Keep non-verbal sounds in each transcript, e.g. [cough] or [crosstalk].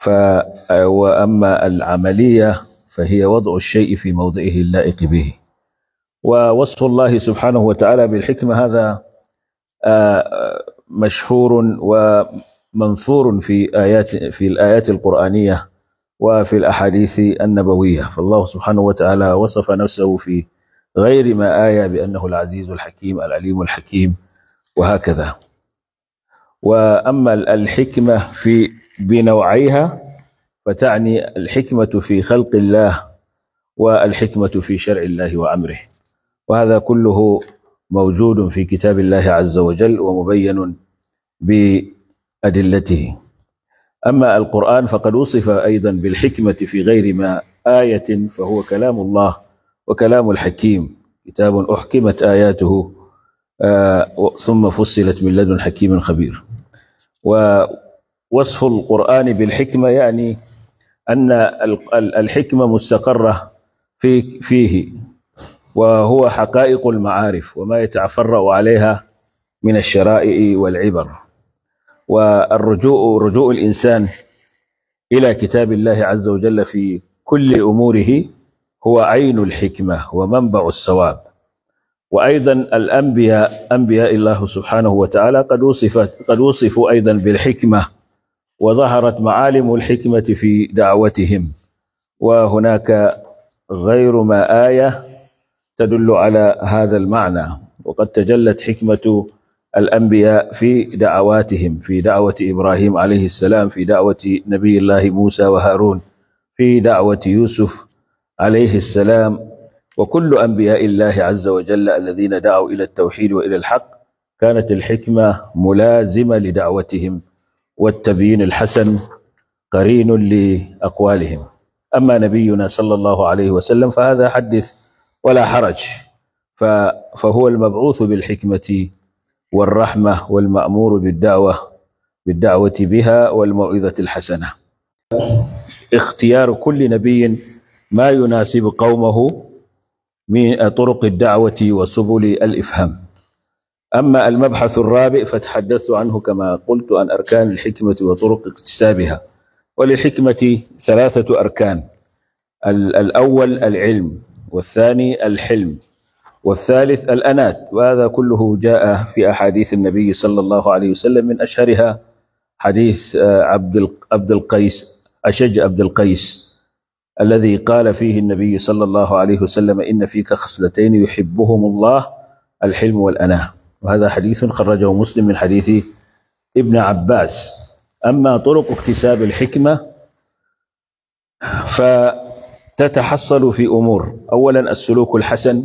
ف وأما العملية فهي وضع الشيء في موضعه اللائق به ووصف الله سبحانه وتعالى بالحكمة هذا آه، مشهور ومنثور في آيات في الآيات القرآنية وفي الأحاديث النبوية فالله سبحانه وتعالى وصف نفسه في غير ما آية بأنه العزيز الحكيم العليم الحكيم وهكذا وأما الحكمة في بنوعيها فتعني الحكمة في خلق الله والحكمة في شرع الله وأمره وهذا كله موجود في كتاب الله عز وجل ومبين بأدلته أما القرآن فقد وصف أيضا بالحكمة في غير ما آية فهو كلام الله وكلام الحكيم كتاب أحكمت آياته آه، ثم فصلت من لدن حكيم خبير و وصف القرآن بالحكمة يعني أن الحكمة مستقرة فيه وهو حقائق المعارف وما يتعفرأ عليها من الشرائع والعبر والرجوع رجوع الإنسان إلى كتاب الله عز وجل في كل أموره هو عين الحكمة ومنبع الصواب وأيضا الأنبياء أنبياء الله سبحانه وتعالى قد وصفوا أيضا بالحكمة وظهرت معالم الحكمة في دعوتهم وهناك غير ما آية تدل على هذا المعنى وقد تجلت حكمة الأنبياء في دعواتهم في دعوة إبراهيم عليه السلام في دعوة نبي الله موسى وهارون في دعوة يوسف عليه السلام وكل أنبياء الله عز وجل الذين دعوا إلى التوحيد وإلى الحق كانت الحكمة ملازمة لدعوتهم والتبيين الحسن قرين لأقوالهم أما نبينا صلى الله عليه وسلم فهذا حدث ولا حرج فهو المبعوث بالحكمة والرحمة والمأمور بالدعوة بالدعوة بها والموعظة الحسنة اختيار كل نبي ما يناسب قومه من طرق الدعوة وسبل الإفهام أما المبحث الرابع فتحدثت عنه كما قلت عن أركان الحكمة وطرق اكتسابها وللحكمة ثلاثة أركان الأول العلم والثاني الحلم والثالث الأنات وهذا كله جاء في أحاديث النبي صلى الله عليه وسلم من أشهرها حديث آه، عبد عبد القيس أشج عبد القيس الذي قال فيه النبي صلى الله عليه وسلم إن فيك خصلتين يحبهم الله الحلم والأناه وهذا حديث خرجه مسلم من حديث ابن عباس أما طرق اكتساب الحكمة فتتحصل في أمور أولا السلوك الحسن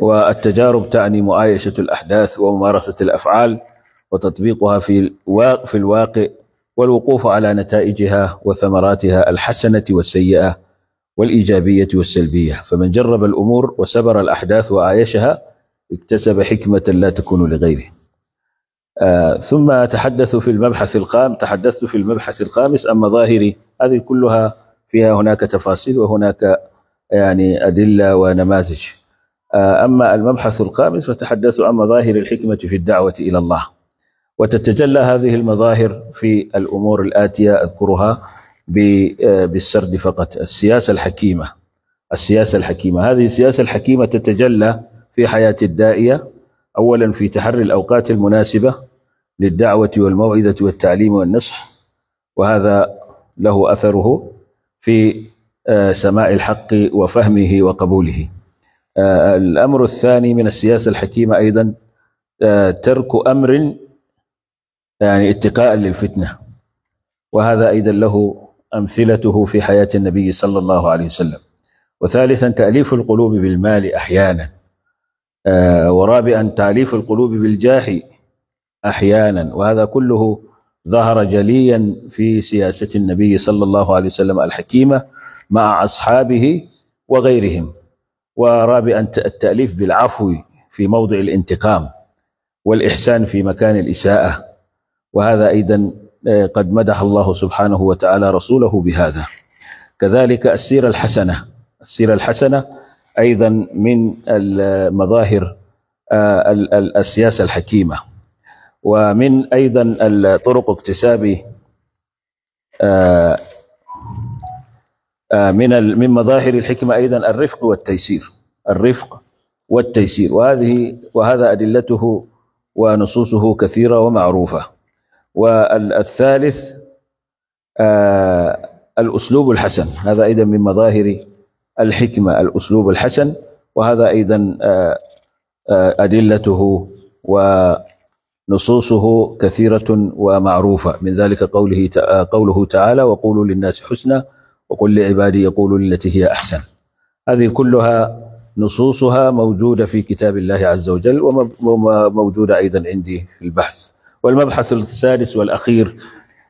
والتجارب تعني مؤايشة الأحداث وممارسة الأفعال وتطبيقها في الواقع والوقوف على نتائجها وثمراتها الحسنة والسيئة والإيجابية والسلبية فمن جرب الأمور وسبر الأحداث وآيشها اكتسب حكمة لا تكون لغيره آه ثم تحدث في المبحث القام تحدثت في المبحث الخامس أما ظاهري هذه كلها فيها هناك تفاصيل وهناك يعني أدلة ونماذج آه أما المبحث الخامس فتحدث عن مظاهر الحكمة في الدعوة إلى الله وتتجلى هذه المظاهر في الأمور الآتية أذكرها آه، بالسرد فقط السياسة الحكيمة السياسة الحكيمة هذه السياسة الحكيمة تتجلى في حياة الدائية أولا في تحري الأوقات المناسبة للدعوة والموعظة والتعليم والنصح وهذا له أثره في آه، سماع الحق وفهمه وقبوله آه، الأمر الثاني من السياسة الحكيمة أيضا آه، ترك أمر يعني اتقاء للفتنة وهذا أيضا له أمثلته في حياة النبي صلى الله عليه وسلم وثالثا تأليف القلوب بالمال أحيانا آه، ورابعا تاليف القلوب بالجاه احيانا وهذا كله ظهر جليا في سياسه النبي صلى الله عليه وسلم الحكيمه مع اصحابه وغيرهم ورابعا التاليف بالعفو في موضع الانتقام والاحسان في مكان الاساءه وهذا ايضا آه، قد مدح الله سبحانه وتعالى رسوله بهذا كذلك السيره الحسنه السيره الحسنه ايضا من المظاهر آه، السياسه الحكيمه ومن ايضا الطرق اكتساب آه، آه، من من مظاهر الحكمه ايضا الرفق والتيسير الرفق والتيسير وهذه وهذا ادلته ونصوصه كثيره ومعروفه والثالث الاسلوب الحسن هذا ايضا من مظاهر الحكمة الأسلوب الحسن وهذا أيضا آه، آه، أدلته ونصوصه كثيرة ومعروفة من ذلك قوله قوله تعالى وقولوا للناس حسنا وقل لعبادي يقولوا التي هي أحسن هذه كلها نصوصها موجودة في كتاب الله عز وجل وموجودة أيضا عندي في البحث والمبحث السادس والأخير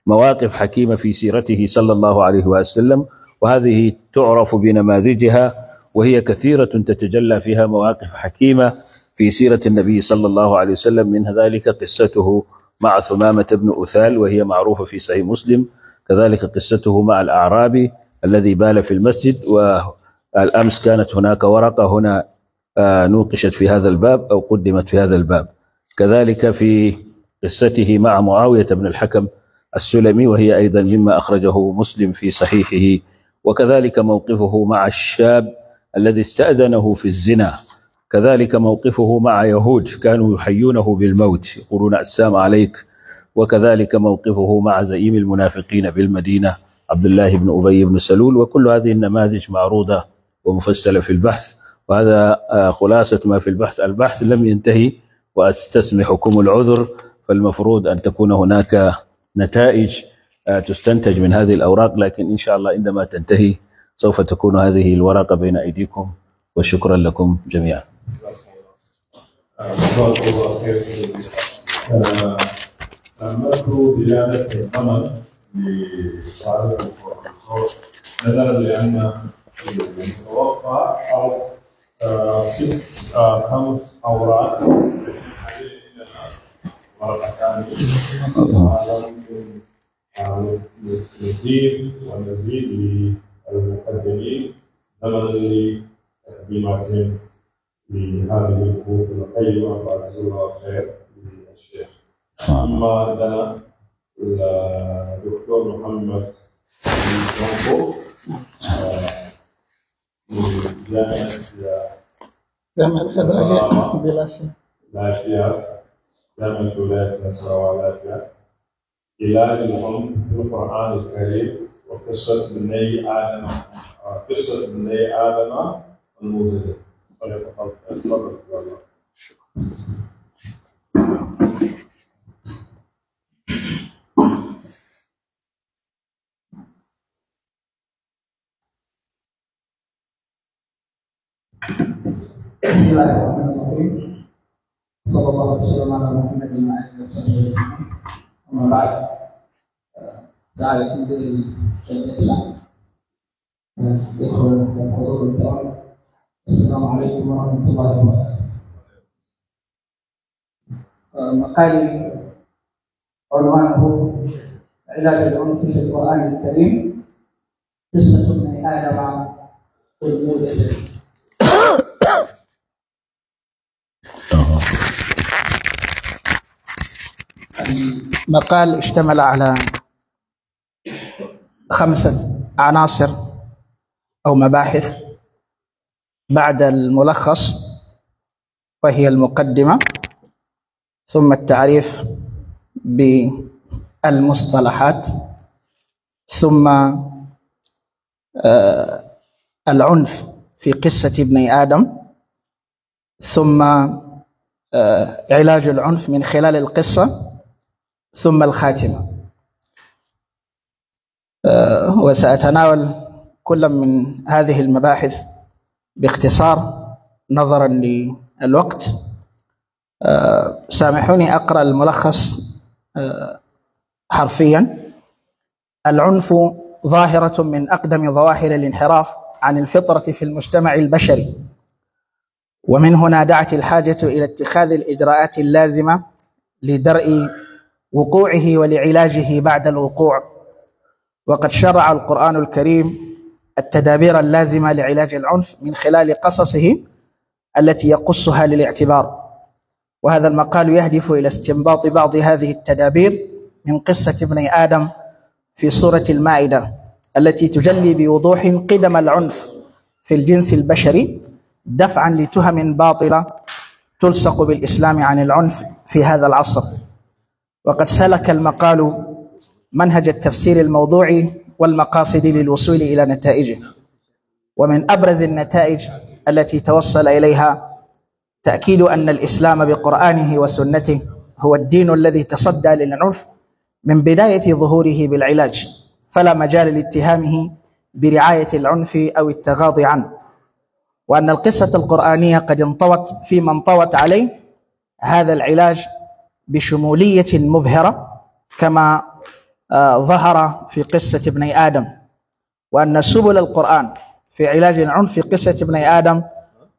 مواقف حكيمة في سيرته صلى الله عليه وسلم وهذه تعرف بنماذجها وهي كثيرة تتجلى فيها مواقف حكيمة في سيرة النبي صلى الله عليه وسلم من ذلك قصته مع ثمامة بن أثال وهي معروفة في صحيح مسلم كذلك قصته مع الأعرابي الذي بال في المسجد والأمس كانت هناك ورقة هنا آه، نوقشت في هذا الباب أو قدمت في هذا الباب كذلك في قصته مع معاوية بن الحكم السلمي وهي أيضا مما أخرجه مسلم في صحيحه وكذلك موقفه مع الشاب الذي استأذنه في الزنا كذلك موقفه مع يهود كانوا يحيونه بالموت يقولون السلام عليك وكذلك موقفه مع زعيم المنافقين بالمدينة عبد الله بن أبي بن سلول وكل هذه النماذج معروضة ومفصلة في البحث وهذا آه، خلاصة ما في البحث البحث لم ينتهي وأستسمحكم العذر فالمفروض أن تكون هناك نتائج آه، تستنتج من هذه الأوراق لكن إن شاء الله عندما تنتهي سوف تكون هذه الورقة بين أيديكم وشكرا لكم جميعا نظرا أه. لأن المتوقع أو ست خمس أوراق نزيد ونزيد للمقدمين زمنا لتقديماتهم لهذه البحوث القيمة وجزاه الله خير للشيخ. أما إذا الدكتور محمد منصور آه، من جامعة جامعة بلا شيء لا شيء جامعة ولاية نصر والعافية علاجهم في القرآن الكريم وقصة بني آدم آه، قصة بني آدم الموجودة تفضل بسم الله الرحمن الرحيم صلى الله وسلم على محمد وعلى اله وصحبه اجمعين وما يدخل السلام عليكم ورحمة الله وبركاته مقالي عنوانه علاج العنف في القرآن الكريم قصة من آدم والمولد مقال اشتمل على خمسة عناصر أو مباحث بعد الملخص وهي المقدمة ثم التعريف بالمصطلحات ثم آه، العنف في قصة ابن آدم ثم آه، علاج العنف من خلال القصة ثم الخاتمة آه، وسأتناول كل من هذه المباحث باختصار نظرا للوقت آه، سامحوني أقرأ الملخص آه، حرفيا العنف ظاهرة من أقدم ظواهر الانحراف عن الفطرة في المجتمع البشري ومن هنا دعت الحاجة إلى اتخاذ الإجراءات اللازمة لدرء وقوعه ولعلاجه بعد الوقوع وقد شرع القرآن الكريم التدابير اللازمة لعلاج العنف من خلال قصصه التي يقصها للاعتبار وهذا المقال يهدف إلى استنباط بعض هذه التدابير من قصة ابن آدم في سورة المائدة التي تجلي بوضوح قدم العنف في الجنس البشري دفعا لتهم باطلة تلصق بالإسلام عن العنف في هذا العصر وقد سلك المقال منهج التفسير الموضوعي والمقاصد للوصول إلى نتائجه ومن أبرز النتائج التي توصل إليها تأكيد أن الإسلام بقرآنه وسنته هو الدين الذي تصدى للعنف من بداية ظهوره بالعلاج فلا مجال لاتهامه برعاية العنف أو التغاضي عنه وأن القصة القرآنية قد انطوت فيما انطوت عليه هذا العلاج بشمولية مبهرة كما آه، ظهر في قصة ابني آدم وأن سبل القرآن في علاج العنف في قصة ابني آدم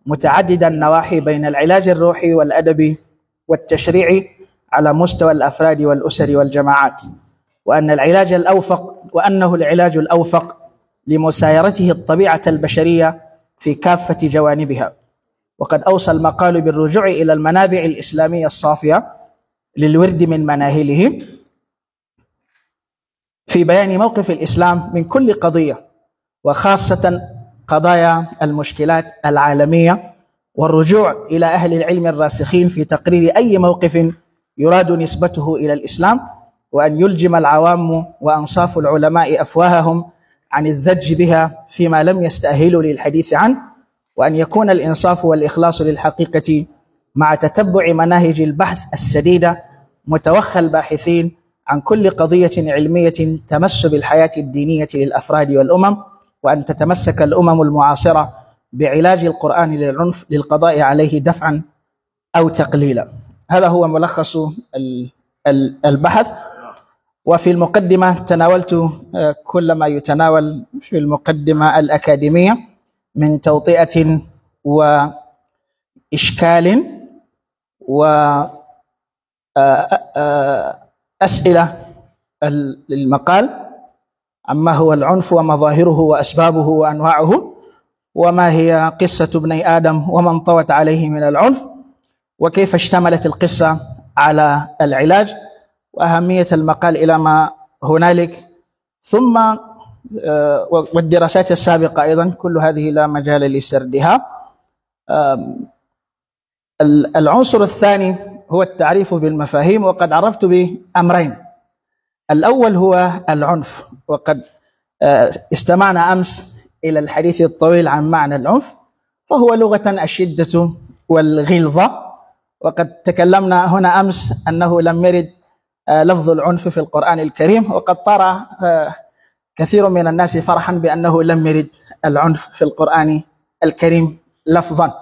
متعددة النواحي بين العلاج الروحي والأدبي والتشريعي على مستوى الأفراد والأسر والجماعات وأن العلاج الأوفق وأنه العلاج الأوفق لمسايرته الطبيعة البشرية في كافة جوانبها وقد أوصى المقال بالرجوع إلى المنابع الإسلامية الصافية للورد من مناهله في بيان موقف الإسلام من كل قضية وخاصة قضايا المشكلات العالمية والرجوع إلى أهل العلم الراسخين في تقرير أي موقف يراد نسبته إلى الإسلام وأن يلجم العوام وأنصاف العلماء أفواههم عن الزج بها فيما لم يستأهلوا للحديث عنه وأن يكون الإنصاف والإخلاص للحقيقة مع تتبع مناهج البحث السديدة متوخى الباحثين عن كل قضية علمية تمس بالحياة الدينية للأفراد والأمم وأن تتمسك الأمم المعاصرة بعلاج القرآن للعنف للقضاء عليه دفعا أو تقليلا هذا هو ملخص البحث وفي المقدمة تناولت آه، كل ما يتناول في المقدمة الأكاديمية من توطئة وإشكال وأسئلة آه، آه، آه، للمقال عما هو العنف ومظاهره وأسبابه وأنواعه وما هي قصة ابني آدم ومن طوت عليه من العنف وكيف اشتملت القصة على العلاج وأهمية المقال إلى ما هنالك ثم والدراسات السابقة أيضا كل هذه لا مجال لسردها العنصر الثاني هو التعريف بالمفاهيم وقد عرفت بأمرين الأول هو العنف وقد آه، استمعنا أمس إلى الحديث الطويل عن معنى العنف فهو لغة الشدة والغلظة وقد تكلمنا هنا أمس أنه لم يرد آه، لفظ العنف في القرآن الكريم وقد طار آه، كثير من الناس فرحا بأنه لم يرد العنف في القرآن الكريم لفظا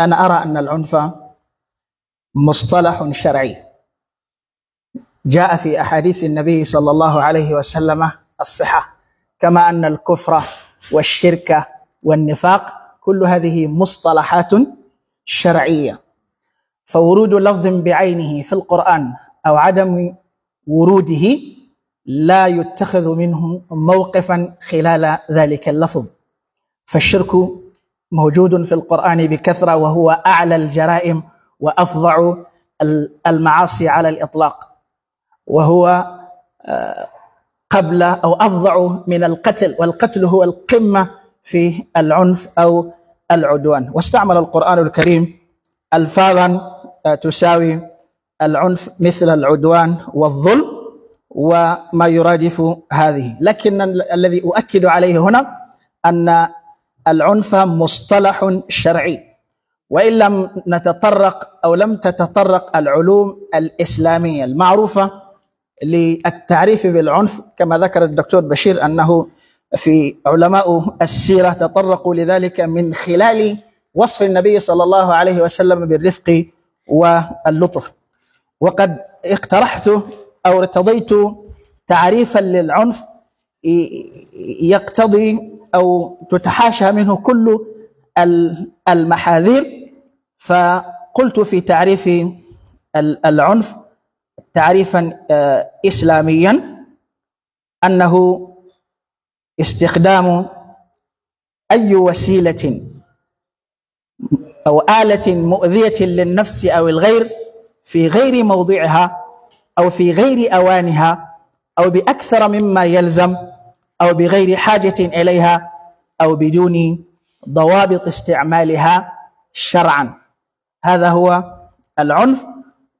أنا أرى أن العنف مصطلح شرعي جاء في أحاديث النبي صلى الله عليه وسلم الصحة كما أن الكفر والشرك والنفاق كل هذه مصطلحات شرعية فورود لفظ بعينه في القرآن أو عدم وروده لا يتخذ منه موقفا خلال ذلك اللفظ فالشرك موجود في القرآن بكثرة وهو أعلى الجرائم وأفظع المعاصي على الإطلاق وهو آه، قبل أو أفظع من القتل والقتل هو القمة في العنف أو العدوان واستعمل القرآن الكريم ألفاظا آه، تساوي العنف مثل العدوان والظلم وما يرادف هذه لكن الذي أؤكد عليه هنا أن العنف مصطلح شرعي وإن لم نتطرق أو لم تتطرق العلوم الإسلامية المعروفة للتعريف بالعنف كما ذكر الدكتور بشير أنه في علماء السيرة تطرقوا لذلك من خلال وصف النبي صلى الله عليه وسلم بالرفق واللطف وقد اقترحت أو ارتضيت تعريفا للعنف يقتضي أو تتحاشى منه كل المحاذير فقلت في تعريف العنف تعريفا آه، إسلاميا أنه استخدام أي وسيلة أو آلة مؤذية للنفس أو الغير في غير موضعها أو في غير أوانها أو بأكثر مما يلزم أو بغير حاجة إليها أو بدون ضوابط استعمالها شرعا هذا هو العنف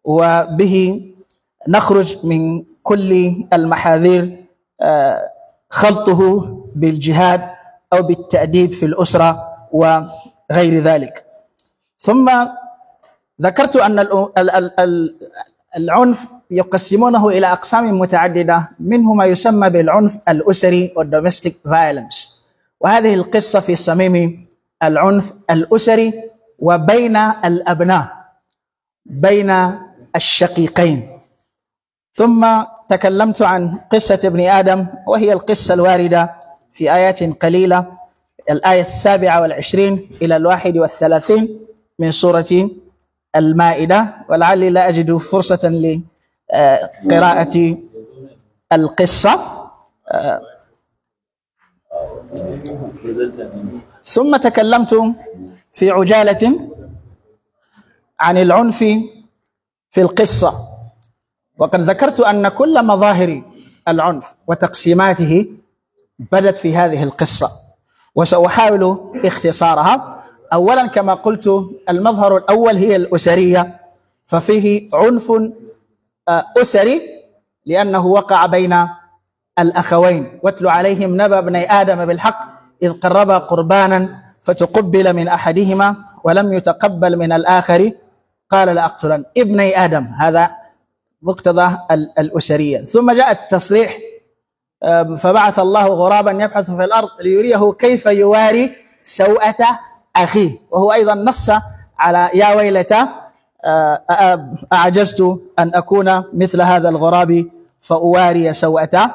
وبه نخرج من كل المحاذير آه، خلطه بالجهاد أو بالتأديب في الأسرة وغير ذلك ثم ذكرت أن العنف يقسمونه إلى أقسام متعددة منه ما يسمى بالعنف الأسري domestic فايلنس وهذه القصة في صميم العنف الأسري وبين الأبناء بين الشقيقين ثم تكلمت عن قصة ابن آدم وهي القصة الواردة في آيات قليلة الآية السابعة والعشرين إلى الواحد والثلاثين من سورة المائدة ولعلي لا أجد فرصة لي قراءة القصة ثم تكلمت في عجالة عن العنف في القصة وقد ذكرت أن كل مظاهر العنف وتقسيماته بدت في هذه القصة وسأحاول اختصارها أولا كما قلت المظهر الأول هي الأسرية ففيه عنف أسري لأنه وقع بين الأخوين واتل عليهم نبأ ابني آدم بالحق إذ قربا قربانا فتقبل من أحدهما ولم يتقبل من الآخر قال لأقتلن ابني آدم هذا مقتضى الأسرية ثم جاء التصريح آه، فبعث الله غرابا يبحث في الأرض ليريه كيف يواري سوءة أخيه وهو أيضا نص على يا ويلتا آه، أعجزت أن أكون مثل هذا الغراب فأواري سوءة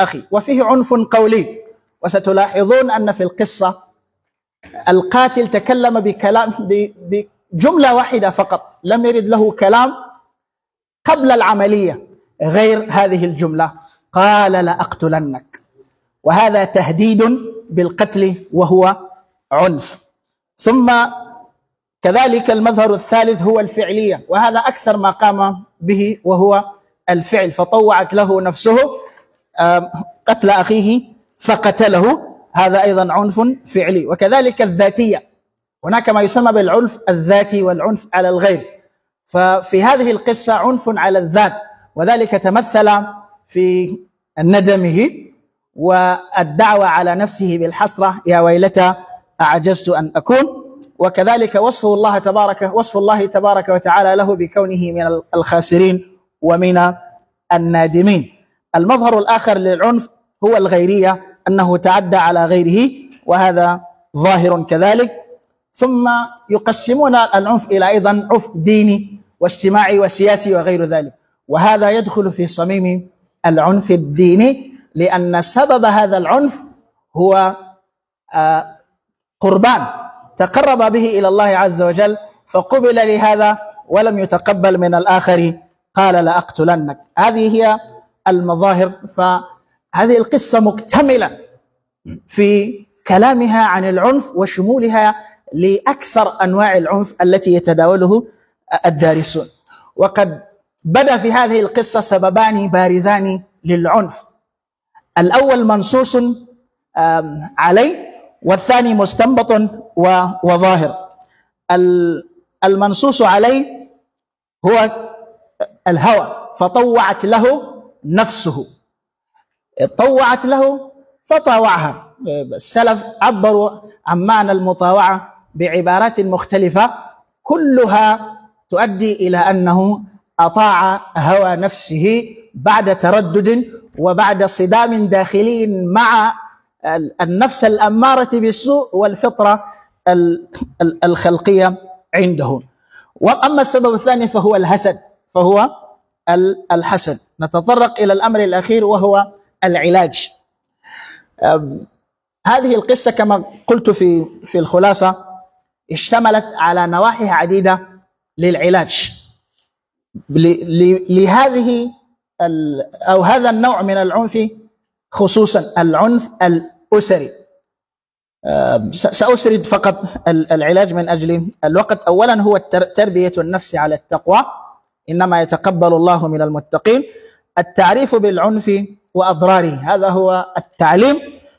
أخي وفيه عنف قولي وستلاحظون أن في القصة القاتل تكلم بكلام بجملة واحدة فقط لم يرد له كلام قبل العملية غير هذه الجملة قال لأقتلنك وهذا تهديد بالقتل وهو عنف ثم كذلك المظهر الثالث هو الفعلية وهذا أكثر ما قام به وهو الفعل فطوعت له نفسه قتل أخيه فقتله هذا أيضا عنف فعلي وكذلك الذاتية هناك ما يسمى بالعنف الذاتي والعنف على الغير ففي هذه القصة عنف على الذات وذلك تمثل في ندمه والدعوة على نفسه بالحسرة يا ويلتى أعجزت أن أكون وكذلك وصفه الله تبارك وصف الله تبارك وتعالى له بكونه من الخاسرين ومن النادمين المظهر الآخر للعنف هو الغيرية أنه تعدى على غيره وهذا ظاهر كذلك ثم يقسمون العنف إلى أيضا عنف ديني واجتماعي وسياسي وغير ذلك وهذا يدخل في صميم العنف الديني لأن سبب هذا العنف هو آه، قربان تقرب به إلى الله عز وجل فقبل لهذا ولم يتقبل من الآخر قال لأقتلنك هذه هي المظاهر فهذه القصة مكتملة في كلامها عن العنف وشمولها لأكثر أنواع العنف التي يتداوله الدارسون وقد بدا في هذه القصة سببان بارزان للعنف الأول منصوص عليه والثاني مستنبط وظاهر المنصوص عليه هو الهوى فطوعت له نفسه طوعت له فطاوعها السلف عبروا عن معنى المطاوعة بعبارات مختلفة كلها تؤدي إلى أنه أطاع هوى نفسه بعد تردد وبعد صدام داخلي مع النفس الأمارة بالسوء والفطرة الخلقية عنده وأما السبب الثاني فهو الحسد فهو الحسد نتطرق إلى الأمر الأخير وهو العلاج هذه القصة كما قلت في في الخلاصة اشتملت على نواحي عديدة للعلاج لهذه أو هذا النوع من العنف خصوصا العنف الأسري سأسرد فقط العلاج من أجل الوقت أولا هو تربية النفس على التقوى إنما يتقبل الله من المتقين التعريف بالعنف وأضراره هذا هو التعليم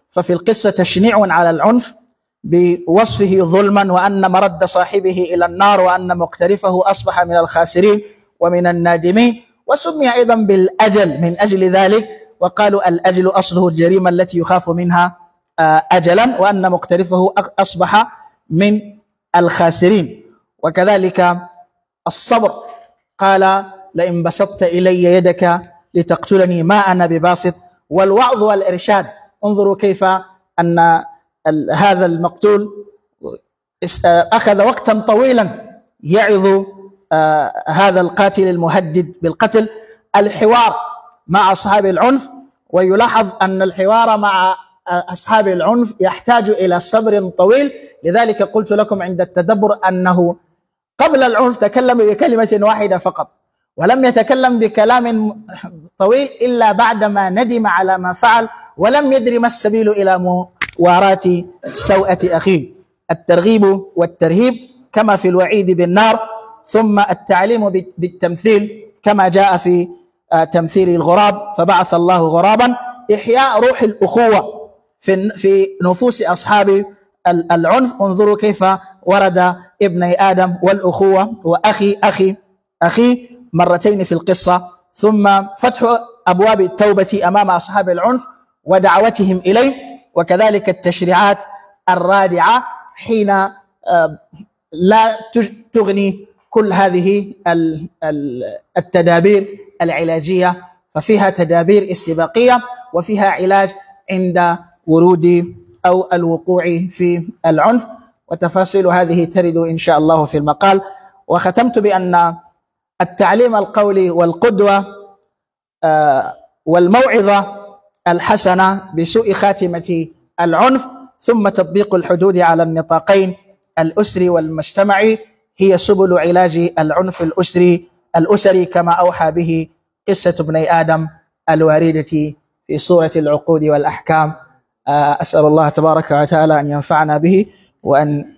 ففي القصة تشنيع على العنف بوصفه ظلما وأن مرد صاحبه إلى النار وأن مقترفه أصبح من الخاسرين ومن النادمين وسمي أيضا بالأجل من أجل ذلك وقالوا الأجل أصله الجريمة التي يخاف منها آه، أجلا وأن مقترفه أصبح من الخاسرين وكذلك الصبر قال لئن بسطت إلي يدك لتقتلني ما أنا بباسط والوعظ والإرشاد انظروا كيف أن هذا المقتول آه، أخذ وقتا طويلا يعظ آه، هذا القاتل المهدد بالقتل الحوار مع أصحاب العنف ويلاحظ أن الحوار مع أصحاب العنف يحتاج إلى صبر طويل لذلك قلت لكم عند التدبر أنه قبل العنف تكلم بكلمة واحدة فقط ولم يتكلم بكلام طويل إلا بعدما ندم على ما فعل ولم يدري ما السبيل إلى مواراة سوءة أخيه الترغيب والترهيب كما في الوعيد بالنار ثم التعليم بالتمثيل كما جاء في آه، تمثيل الغراب فبعث الله غرابا إحياء روح الأخوة في في نفوس أصحاب العنف انظروا كيف ورد ابني آدم والأخوة وأخي أخي أخي مرتين في القصة ثم فتح أبواب التوبة أمام أصحاب العنف ودعوتهم إليه وكذلك التشريعات الرادعة حين آه، لا تغني كل هذه التدابير العلاجية ففيها تدابير استباقية وفيها علاج عند ورود أو الوقوع في العنف وتفاصيل هذه ترد إن شاء الله في المقال وختمت بأن التعليم القولي والقدوة آه، والموعظة الحسنة بسوء خاتمة العنف ثم تطبيق الحدود على النطاقين الأسري والمجتمعي هي سبل علاج العنف الأسري الأسري كما أوحى به قصة ابني آدم الواردة في سورة العقود والأحكام آه، أسأل الله تبارك وتعالى أن ينفعنا به وأن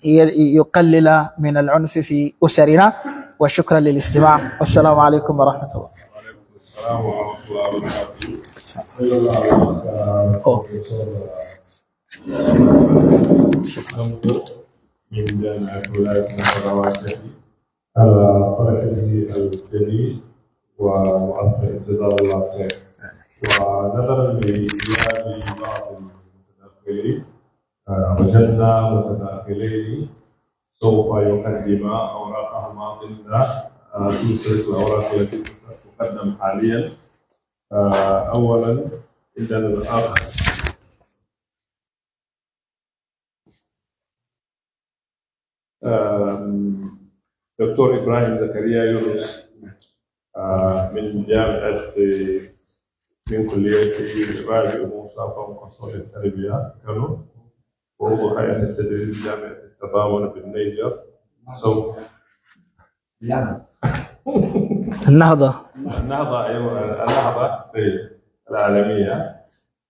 يقلل من العنف في أسرنا وشكرا للاستماع والسلام عليكم ورحمة الله وبركاته من أولئك الثروات فرحته الجديد ومؤثر جزاه الله خير ونظرا لغياب بعض المتأخرين وجدنا متأخرين سوف يقدم أوراقهما ضمن سلسلة الأوراق التي تقدم حاليا أولا عندنا الأخ دكتور ابراهيم زكريا يونس آه، من جامعه من كليه راجع موسى فوق التربيه كانوا وهو هيئة التدريس جامعه التضامن بالنيجر سوف [laughs] النهضة النهضة أيوة النهضة العالمية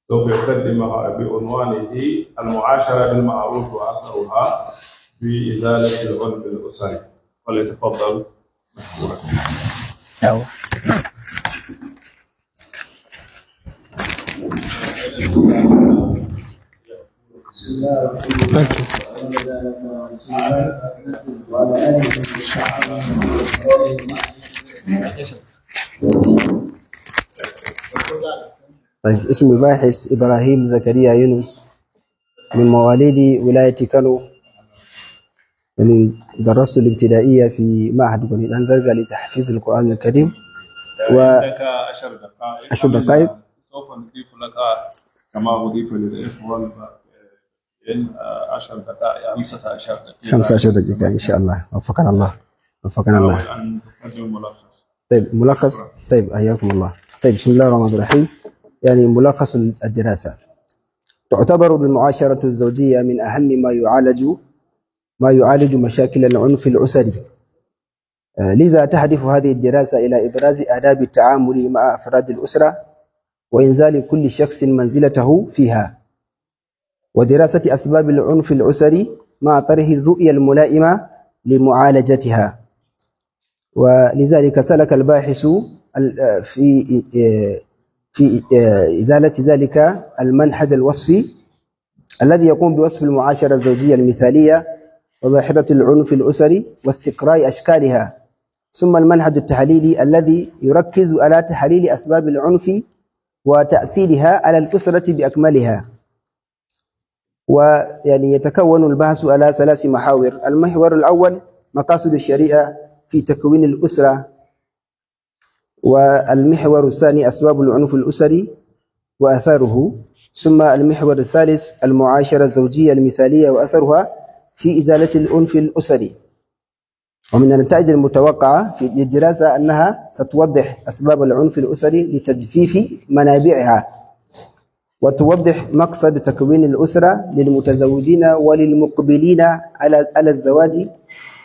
سوف يقدمها بعنوانه المعاشرة بالمعروف وأثرها في إزالة العنف الأسري فليتفضل بسم الله الرحمن الرحيم وعلى آله وصحبه طيب اسم الباحث إبراهيم زكريا يونس من مواليد ولاية كانو يعني درست الابتدائية في معهد بني الأنزرقة لتحفيز القرآن الكريم و عشر دقائق عشر دقائق سوف نضيف لك آه، كما أضيف للإخوان 10 آه، دقائق 15 دقيقة 15 دقيقة إن شاء الله وفقنا الله وفقنا الله ملخص طيب ملخص طيب حياكم الله طيب بسم الله الرحمن الرحيم يعني ملخص الدراسة تعتبر المعاشرة الزوجية من أهم ما يعالج ما يعالج مشاكل العنف الأسري آه، لذا تهدف هذه الدراسة إلى إبراز آداب التعامل مع أفراد الأسرة وإنزال كل شخص منزلته فيها ودراسة أسباب العنف الأسري مع طرح الرؤية الملائمة لمعالجتها ولذلك سلك الباحث آه، في آه، في إزالة ذلك المنهج الوصفي الذي يقوم بوصف المعاشرة الزوجية المثالية وظاهرة العنف الأسري واستقراء أشكالها ثم المنهج التحليلي الذي يركز على تحليل أسباب العنف وتأثيرها على الأسرة بأكملها ويعني يتكون البحث على ثلاث محاور المحور الأول مقاصد الشريعة في تكوين الأسرة والمحور الثاني أسباب العنف الأسري وأثاره ثم المحور الثالث المعاشرة الزوجية المثالية وأثرها في إزالة الأنف الأسري ومن النتائج المتوقعة في الدراسة أنها ستوضح أسباب العنف الأسري لتجفيف منابعها وتوضح مقصد تكوين الأسرة للمتزوجين وللمقبلين على الزواج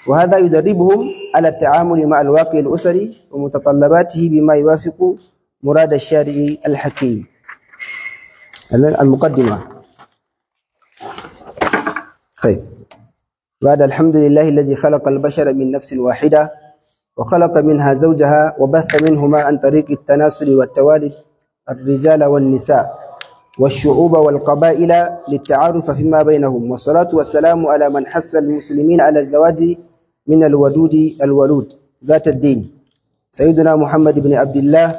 وهذا يدربهم على التعامل مع الواقع الأسري ومتطلباته بما يوافق مراد الشارع الحكيم المقدمة طيب بعد الحمد لله الذي خلق البشر من نفس واحدة وخلق منها زوجها وبث منهما عن طريق التناسل والتوالد الرجال والنساء والشعوب والقبائل للتعارف فيما بينهم والصلاة والسلام على من حث المسلمين على الزواج من الودود الولود ذات الدين سيدنا محمد بن عبد الله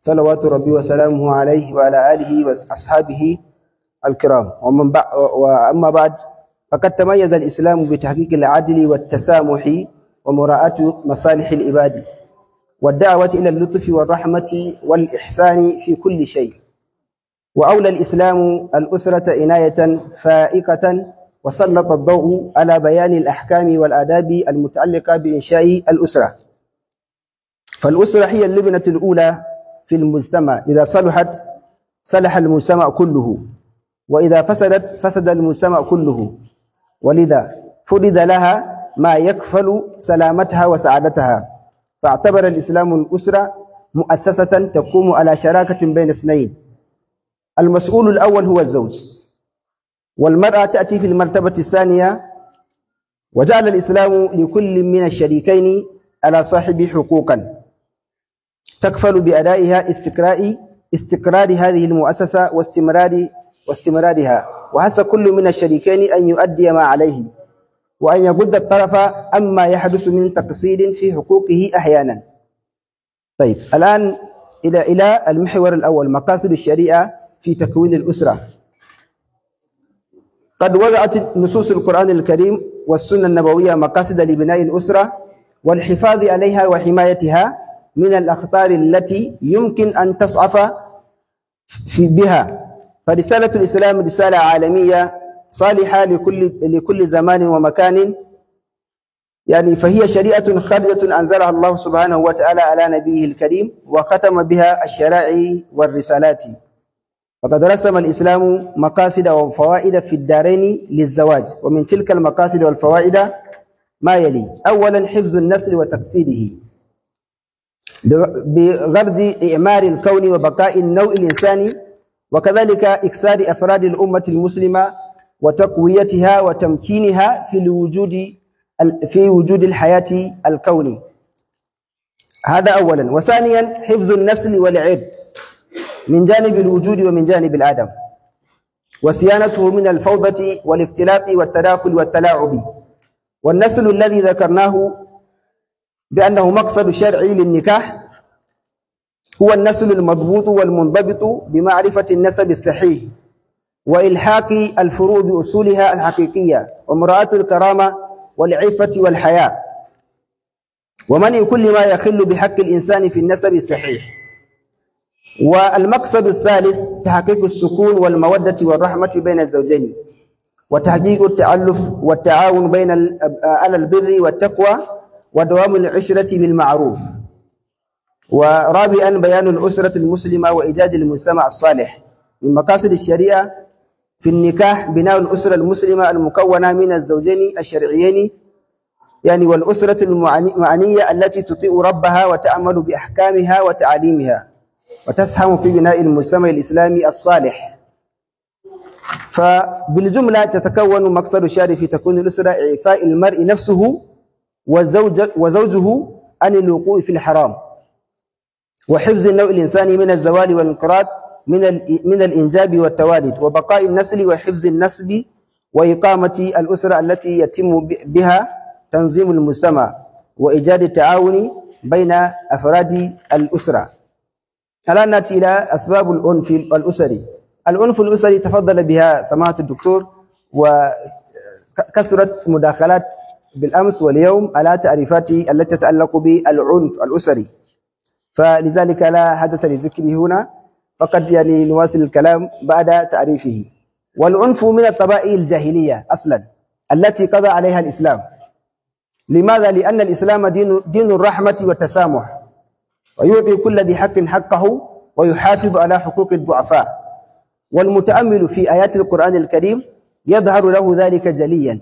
صلوات ربي وسلامه عليه وعلى آله وأصحابه الكرام ومن بعد وأما بعد فقد تميز الإسلام بتحقيق العدل والتسامح ومراعاة مصالح العباد والدعوة إلى اللطف والرحمة والإحسان في كل شيء وأولى الإسلام الأسرة عناية فائقة وسلط الضوء على بيان الأحكام والآداب المتعلقة بإنشاء الأسرة فالأسرة هي اللبنة الأولى في المجتمع إذا صلحت صلح المجتمع كله وإذا فسدت فسد المجتمع كله ولذا فرد لها ما يكفل سلامتها وسعادتها فاعتبر الإسلام الأسرة مؤسسة تقوم على شراكة بين اثنين المسؤول الأول هو الزوج والمرأة تأتي في المرتبة الثانية وجعل الإسلام لكل من الشريكين على صاحب حقوقا تكفل بأدائها استقرار استقرار هذه المؤسسة واستمرار واستمرارها وعسى كل من الشريكين أن يؤدي ما عليه وأن يبد الطرف أما يحدث من تقصير في حقوقه أحيانا طيب الآن إلى إلى المحور الأول مقاصد الشريعة في تكوين الأسرة قد وضعت نصوص القرآن الكريم والسنة النبوية مقاصد لبناء الأسرة والحفاظ عليها وحمايتها من الأخطار التي يمكن أن تصعف في بها فرسالة الإسلام رسالة عالمية صالحة لكل لكل زمان ومكان يعني فهي شريعة خالدة أنزلها الله سبحانه وتعالى على نبيه الكريم وختم بها الشرائع والرسالات وقد رسم الإسلام مقاصد وفوائد في الدارين للزواج ومن تلك المقاصد والفوائد ما يلي أولا حفظ النسل وتقصيده بغرض إعمار الكون وبقاء النوع الإنساني وكذلك إكساد أفراد الأمة المسلمة وتقويتها وتمكينها في الوجود في وجود الحياة الكوني هذا أولا وثانيا حفظ النسل والعد من جانب الوجود ومن جانب الآدم وصيانته من الفوضى والاختلاط والتداخل والتلاعب والنسل الذي ذكرناه بأنه مقصد شرعي للنكاح هو النسل المضبوط والمنضبط بمعرفة النسب الصحيح وإلحاق الفروع بأصولها الحقيقية ومراعاة الكرامة والعفة والحياة ومنع كل ما يخل بحق الإنسان في النسب الصحيح والمقصد الثالث تحقيق السكون والمودة والرحمة بين الزوجين وتحقيق التألف والتعاون بين على البر والتقوى ودوام العشرة بالمعروف ورابعا بيان الأسرة المسلمة وإيجاد المجتمع الصالح من مقاصد الشريعة في النكاح بناء الأسرة المسلمة المكونة من الزوجين الشرعيين يعني والأسرة المعنية التي تطيع ربها وتعمل بأحكامها وتعاليمها وتسهم في بناء المجتمع الإسلامي الصالح فبالجملة تتكون مقصد الشارع في تكوين الأسرة إعفاء المرء نفسه وزوجه عن الوقوع في الحرام وحفظ النوع الإنساني من الزوال والانقراض من من الإنجاب والتوالد وبقاء النسل وحفظ النسل وإقامة الأسرة التي يتم بها تنظيم المجتمع وإيجاد التعاون بين أفراد الأسرة الآن نأتي إلى أسباب العنف الأسري العنف الأسري تفضل بها سماحة الدكتور وكثرت مداخلات بالأمس واليوم على تعريفات التي تتعلق بالعنف الأسري فلذلك لا حدث لذكره هنا فقد يعني نواصل الكلام بعد تعريفه والعنف من الطبائع الجاهلية أصلا التي قضى عليها الإسلام لماذا؟ لأن الإسلام دين, دين الرحمة والتسامح ويعطي كل ذي حق حقه ويحافظ على حقوق الضعفاء والمتأمل في آيات القرآن الكريم يظهر له ذلك جليا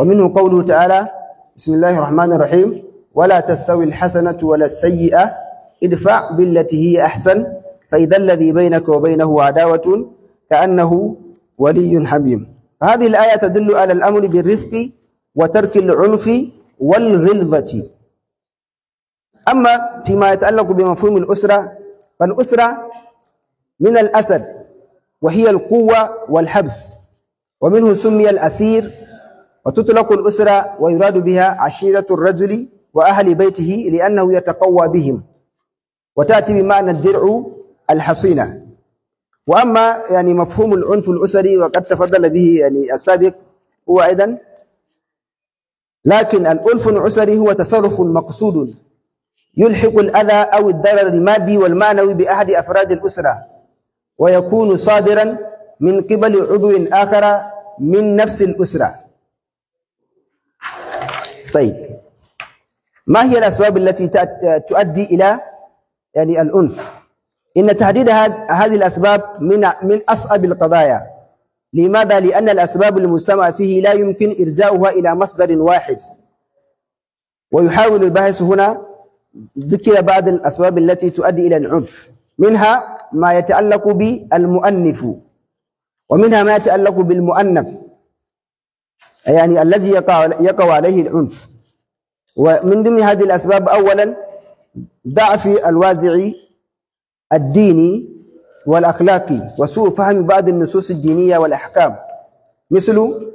ومنه قوله تعالى بسم الله الرحمن الرحيم ولا تستوي الحسنة ولا السيئة ادفع بالتي هي أحسن فإذا الذي بينك وبينه عداوة كأنه ولي حميم هذه الآية تدل على الأمر بالرفق وترك العنف والغلظة أما فيما يتعلق بمفهوم الأسرة فالأسرة من الأسد وهي القوة والحبس ومنه سمي الأسير وتطلق الأسرة ويراد بها عشيرة الرجل وأهل بيته لأنه يتقوى بهم وتأتي بمعنى الدرع الحصينة وأما يعني مفهوم العنف الأسري وقد تفضل به يعني السابق هو أيضا لكن الألف الأسري هو تصرف مقصود يلحق الأذى أو الضرر المادي والمعنوي بأحد أفراد الأسرة ويكون صادرا من قبل عضو آخر من نفس الأسرة طيب ما هي الأسباب التي تؤدي إلى يعني الأنف إن تحديد هذه الأسباب من من أصعب القضايا لماذا؟ لأن الأسباب المجتمع فيه لا يمكن إرجاؤها إلى مصدر واحد ويحاول الباحث هنا ذكر بعض الأسباب التي تؤدي إلى العنف منها ما يتعلق بالمؤنف ومنها ما يتعلق بالمؤنف يعني الذي يقع, يقع عليه العنف ومن ضمن هذه الأسباب أولا ضعف الوازع الديني والأخلاقي وسوء فهم بعض النصوص الدينية والأحكام مثل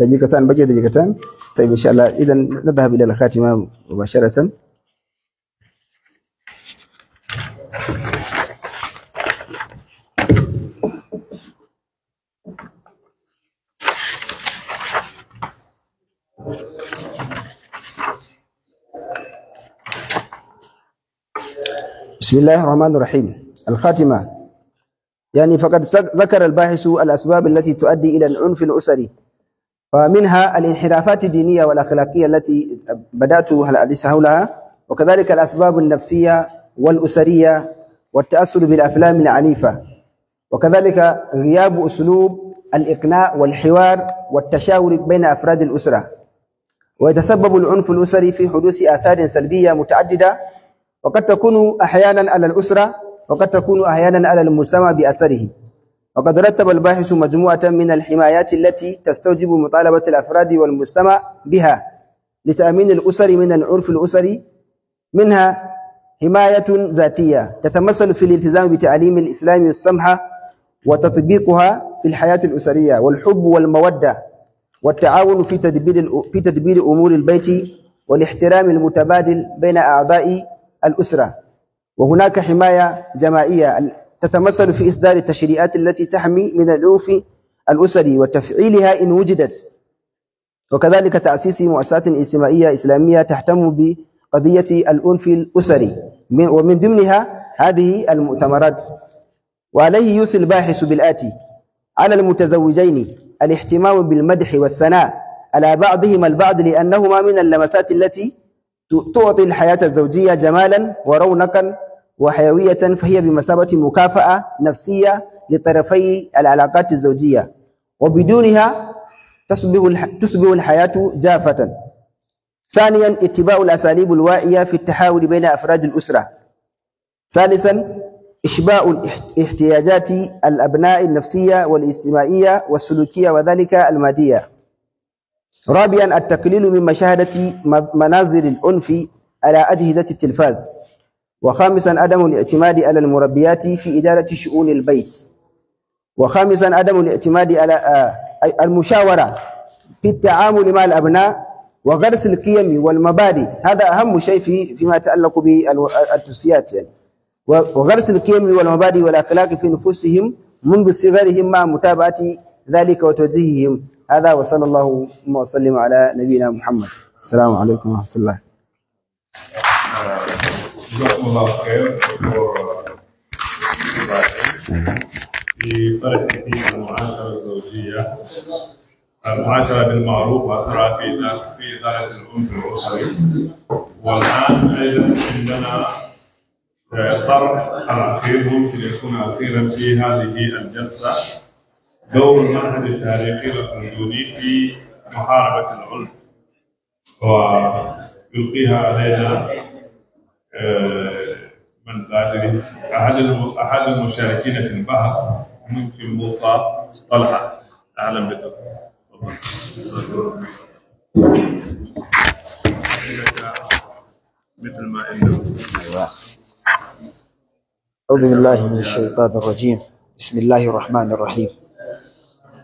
دقيقتان بقي دقيقتان طيب إن شاء الله إذا نذهب إلى الخاتمة مباشرة بسم الله الرحمن الرحيم الخاتمة يعني فقد ذكر الباحث الأسباب التي تؤدي إلى العنف الأسري فمنها الانحرافات الدينية والأخلاقية التي بدأت الحديث حولها وكذلك الأسباب النفسية والأسرية والتأثر بالأفلام العنيفة وكذلك غياب أسلوب الإقناع والحوار والتشاور بين أفراد الأسرة ويتسبب العنف الأسري في حدوث آثار سلبية متعددة وقد تكون أحيانا على الأسرة وقد تكون أحيانا على المجتمع بأسره وقد رتب الباحث مجموعة من الحمايات التي تستوجب مطالبة الأفراد والمجتمع بها لتأمين الأسر من العرف الأسري منها حماية ذاتية تتمثل في الالتزام بتعليم الإسلام السمحة وتطبيقها في الحياة الأسرية والحب والمودة والتعاون في تدبير في تدبير أمور البيت والاحترام المتبادل بين أعضاء الأسرة وهناك حماية جماعية تتمثل في إصدار التشريعات التي تحمي من العوف الأسري وتفعيلها إن وجدت وكذلك تأسيس مؤسسات اجتماعية إسلامية تهتم بقضية الأنف الأسري ومن ضمنها هذه المؤتمرات وعليه يوصي الباحث بالآتي على المتزوجين الاهتمام بالمدح والثناء على بعضهما البعض لأنهما من اللمسات التي تعطي الحياة الزوجية جمالا ورونقا وحيوية فهي بمثابة مكافأة نفسية لطرفي العلاقات الزوجية وبدونها تصبح تصبح الحياة جافة ثانيا اتباع الأساليب الوائية في التحاول بين أفراد الأسرة ثالثا إشباع احتياجات الأبناء النفسية والاجتماعية والسلوكية وذلك المادية رابعا التقليل من مشاهدة مناظر الأنف على أجهزة التلفاز وخامسا عدم الاعتماد على المربيات في إدارة شؤون البيت وخامسا عدم الاعتماد على آه، المشاورة في التعامل مع الأبناء وغرس القيم والمبادئ هذا أهم شيء في فيما يتعلق بالتوصيات يعني وغرس القيم والمبادئ والأخلاق في نفوسهم منذ صغرهم مع متابعة ذلك وتوجيههم هذا وصلى الله وسلم على نبينا محمد السلام عليكم ورحمة الله جزاكم الله خير في ترك المعاشرة الزوجية المعاشرة بالمعروف وأثرها في في إدارة الأنف الأسري والآن أيضا عندنا طرح الأخير ممكن يكون أخيرا في هذه الجلسة دور المعهد التاريخي الأردني في محاربة العنف ويلقيها علينا آه، من ذلك أحد أحد المشاركين في البحر ممكن موسى طلحة أهلا بك مثل ما أعوذ بالله من الشيطان الرجيم بسم الله الرحمن الرحيم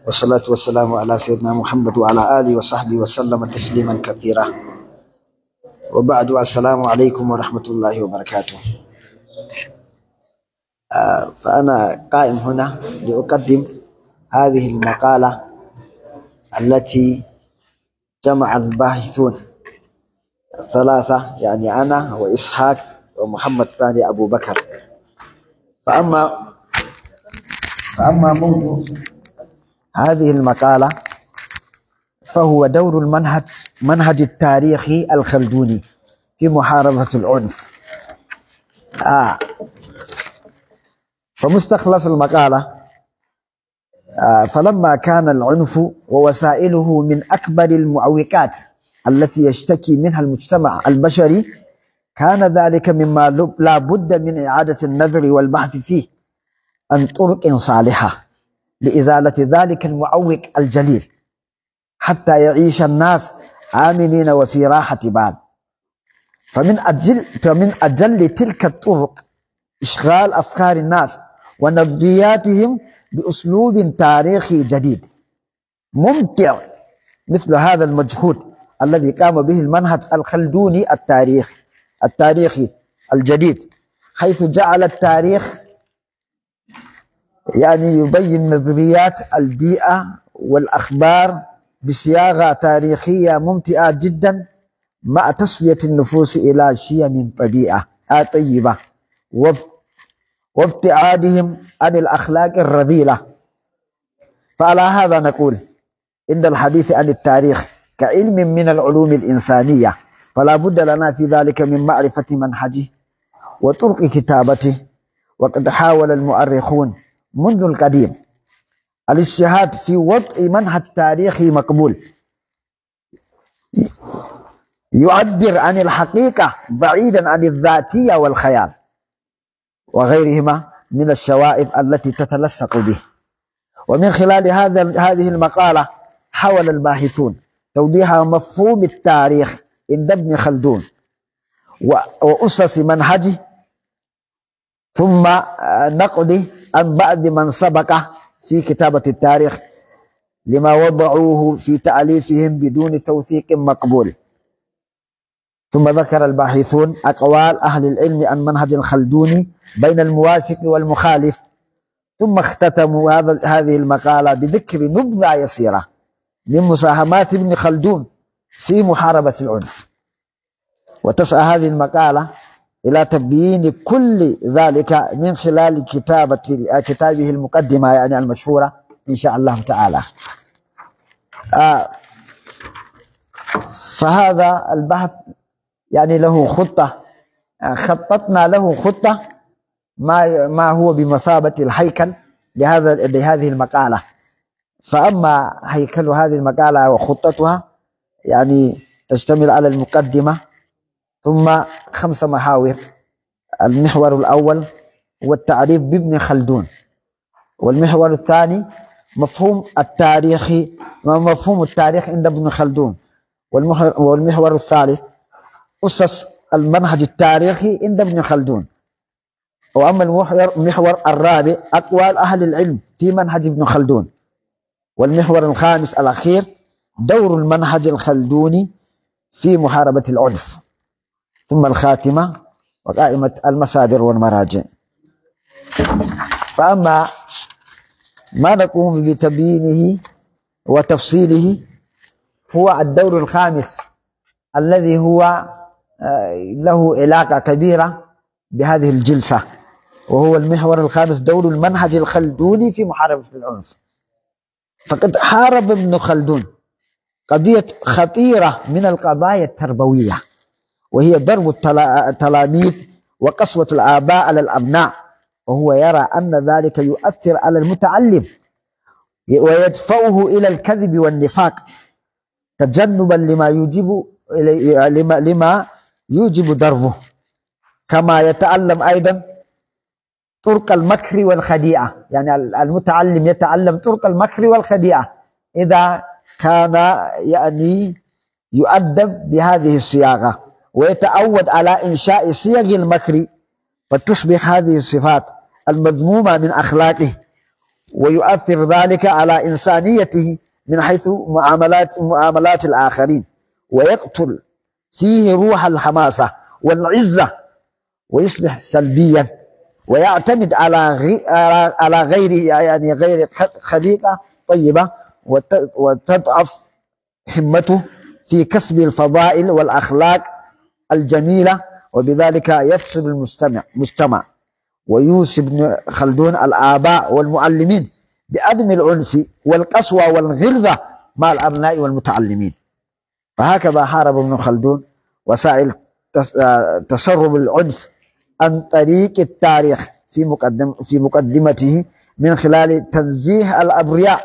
والصلاة والسلام على سيدنا محمد وعلى آله وصحبه وسلم تسليما كثيرا وبعد السلام عليكم ورحمة الله وبركاته آه، فأنا قائم هنا لأقدم هذه المقالة التي جمع الباحثون الثلاثة يعني أنا وإسحاق ومحمد ثاني أبو بكر فأما فأما موضوع هذه المقالة فهو دور المنهج منهج التاريخي الخلدوني في محاربة العنف آه. فمستخلص المقالة آه فلما كان العنف ووسائله من أكبر المعوقات التي يشتكي منها المجتمع البشري كان ذلك مما لا بد من إعادة النظر والبحث فيه عن طرق صالحة لإزالة ذلك المعوق الجليل حتى يعيش الناس آمنين وفي راحة بال فمن أجل, فمن أجل تلك الطرق إشغال أفكار الناس ونظرياتهم بأسلوب تاريخي جديد ممتع مثل هذا المجهود الذي قام به المنهج الخلدوني التاريخي التاريخي الجديد حيث جعل التاريخ يعني يبين نظريات البيئة والأخبار بصياغة تاريخية ممتعة جدا مع تسوية النفوس إلى شيم طبيعة آه، طيبة وابتعادهم عن الأخلاق الرذيلة فعلى هذا نقول إن الحديث عن التاريخ كعلم من العلوم الإنسانية فلا بد لنا في ذلك من معرفة منهجه وطرق كتابته وقد حاول المؤرخون منذ القديم الاجتهاد في وضع منهج تاريخي مقبول يعبر عن الحقيقة بعيدا عن الذاتية والخيال وغيرهما من الشوائب التي تتلصق به ومن خلال هذا هذه المقالة حاول الباحثون توضيح مفهوم التاريخ عند ابن خلدون وأسس منهجه ثم آه، نقضي عن بعض من سبق في كتابة التاريخ لما وضعوه في تأليفهم بدون توثيق مقبول ثم ذكر الباحثون أقوال أهل العلم عن منهج الخلدوني بين الموافق والمخالف ثم اختتموا هذا هذه المقالة بذكر نبذة يسيرة من مساهمات ابن خلدون في محاربة العنف وتسعى هذه المقالة إلى تبيين كل ذلك من خلال كتابة كتابه المقدمة يعني المشهورة إن شاء الله تعالى آه فهذا البحث يعني له خطة آه، خططنا له خطة ما ما هو بمثابة الهيكل لهذا لهذه المقالة فأما هيكل هذه المقالة وخطتها يعني تشتمل على المقدمة ثم خمس محاور المحور الأول هو التعريف بابن خلدون والمحور الثاني مفهوم التاريخ مفهوم التاريخ عند ابن خلدون والمحور الثالث أسس المنهج التاريخي عند ابن خلدون وأما المحور الرابع أقوال أهل العلم في منهج ابن خلدون والمحور الخامس الأخير دور المنهج الخلدوني في محاربة العنف ثم الخاتمة وقائمة المصادر والمراجع فأما ما نقوم بتبيينه وتفصيله هو الدور الخامس الذي هو آه، له علاقة كبيرة بهذه الجلسة وهو المحور الخامس دور المنهج الخلدوني في محاربة العنف فقد حارب ابن خلدون قضية خطيرة من القضايا التربوية وهي ضرب التلاميذ وقسوة الآباء على الأبناء وهو يرى أن ذلك يؤثر على المتعلم ويدفعه إلى الكذب والنفاق تجنبا لما يوجب لما, لما يوجب ضربه كما يتعلم أيضا طرق المكر والخديعة يعني المتعلم يتعلم طرق المكر والخديعة إذا كان يعني يؤدب بهذه الصياغة ويتعود على إنشاء صيغ المكر فتصبح هذه الصفات المذمومة من أخلاقه ويؤثر ذلك على إنسانيته من حيث معاملات معاملات الآخرين ويقتل فيه روح الحماسة والعزة ويصبح سلبيا ويعتمد على على غيره يعني غير خليقة طيبة وتضعف همته في كسب الفضائل والأخلاق الجميلة وبذلك يفصل المستمع مجتمع ويوصي ابن خلدون الآباء والمعلمين بعدم العنف والقسوة والغلظة مع الأبناء والمتعلمين فهكذا حارب ابن خلدون وسائل آه، تسرب العنف عن طريق التاريخ في مقدم في مقدمته من خلال تنزيه الأبرياء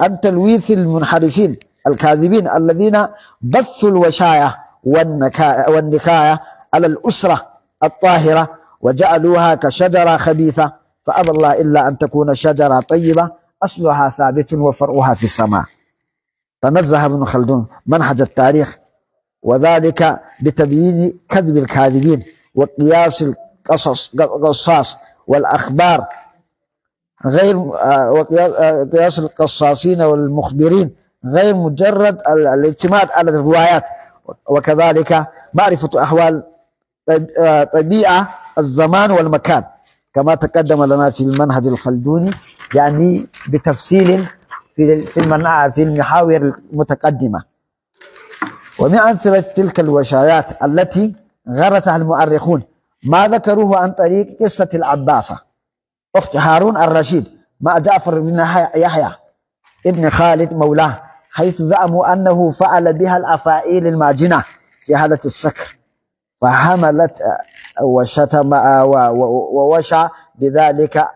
عن تلويث المنحرفين الكاذبين الذين بثوا الوشاية والنكاية على الأسرة الطاهرة وجعلوها كشجرة خبيثة فأبى الله إلا أن تكون شجرة طيبة أصلها ثابت وفرعها في السماء فنزه ابن خلدون منهج التاريخ وذلك بتبيين كذب الكاذبين وقياس القصص القصاص والأخبار غير آه، وقياس آه، القصاصين والمخبرين غير مجرد الاعتماد على الروايات وكذلك معرفة أحوال آه، طبيعة الزمان والمكان كما تقدم لنا في المنهج الخلدوني يعني بتفصيل في في المحاور المتقدمة ومن أنسبة تلك الوشايات التي غرسها المؤرخون ما ذكروه عن طريق قصة العباسة أخت هارون الرشيد مع جعفر بن يحيى ابن خالد مولاه حيث زعموا أنه فعل بها الافاعيل الماجنة في حالة السكر فحملت آه، وشتم آه، ووشى بذلك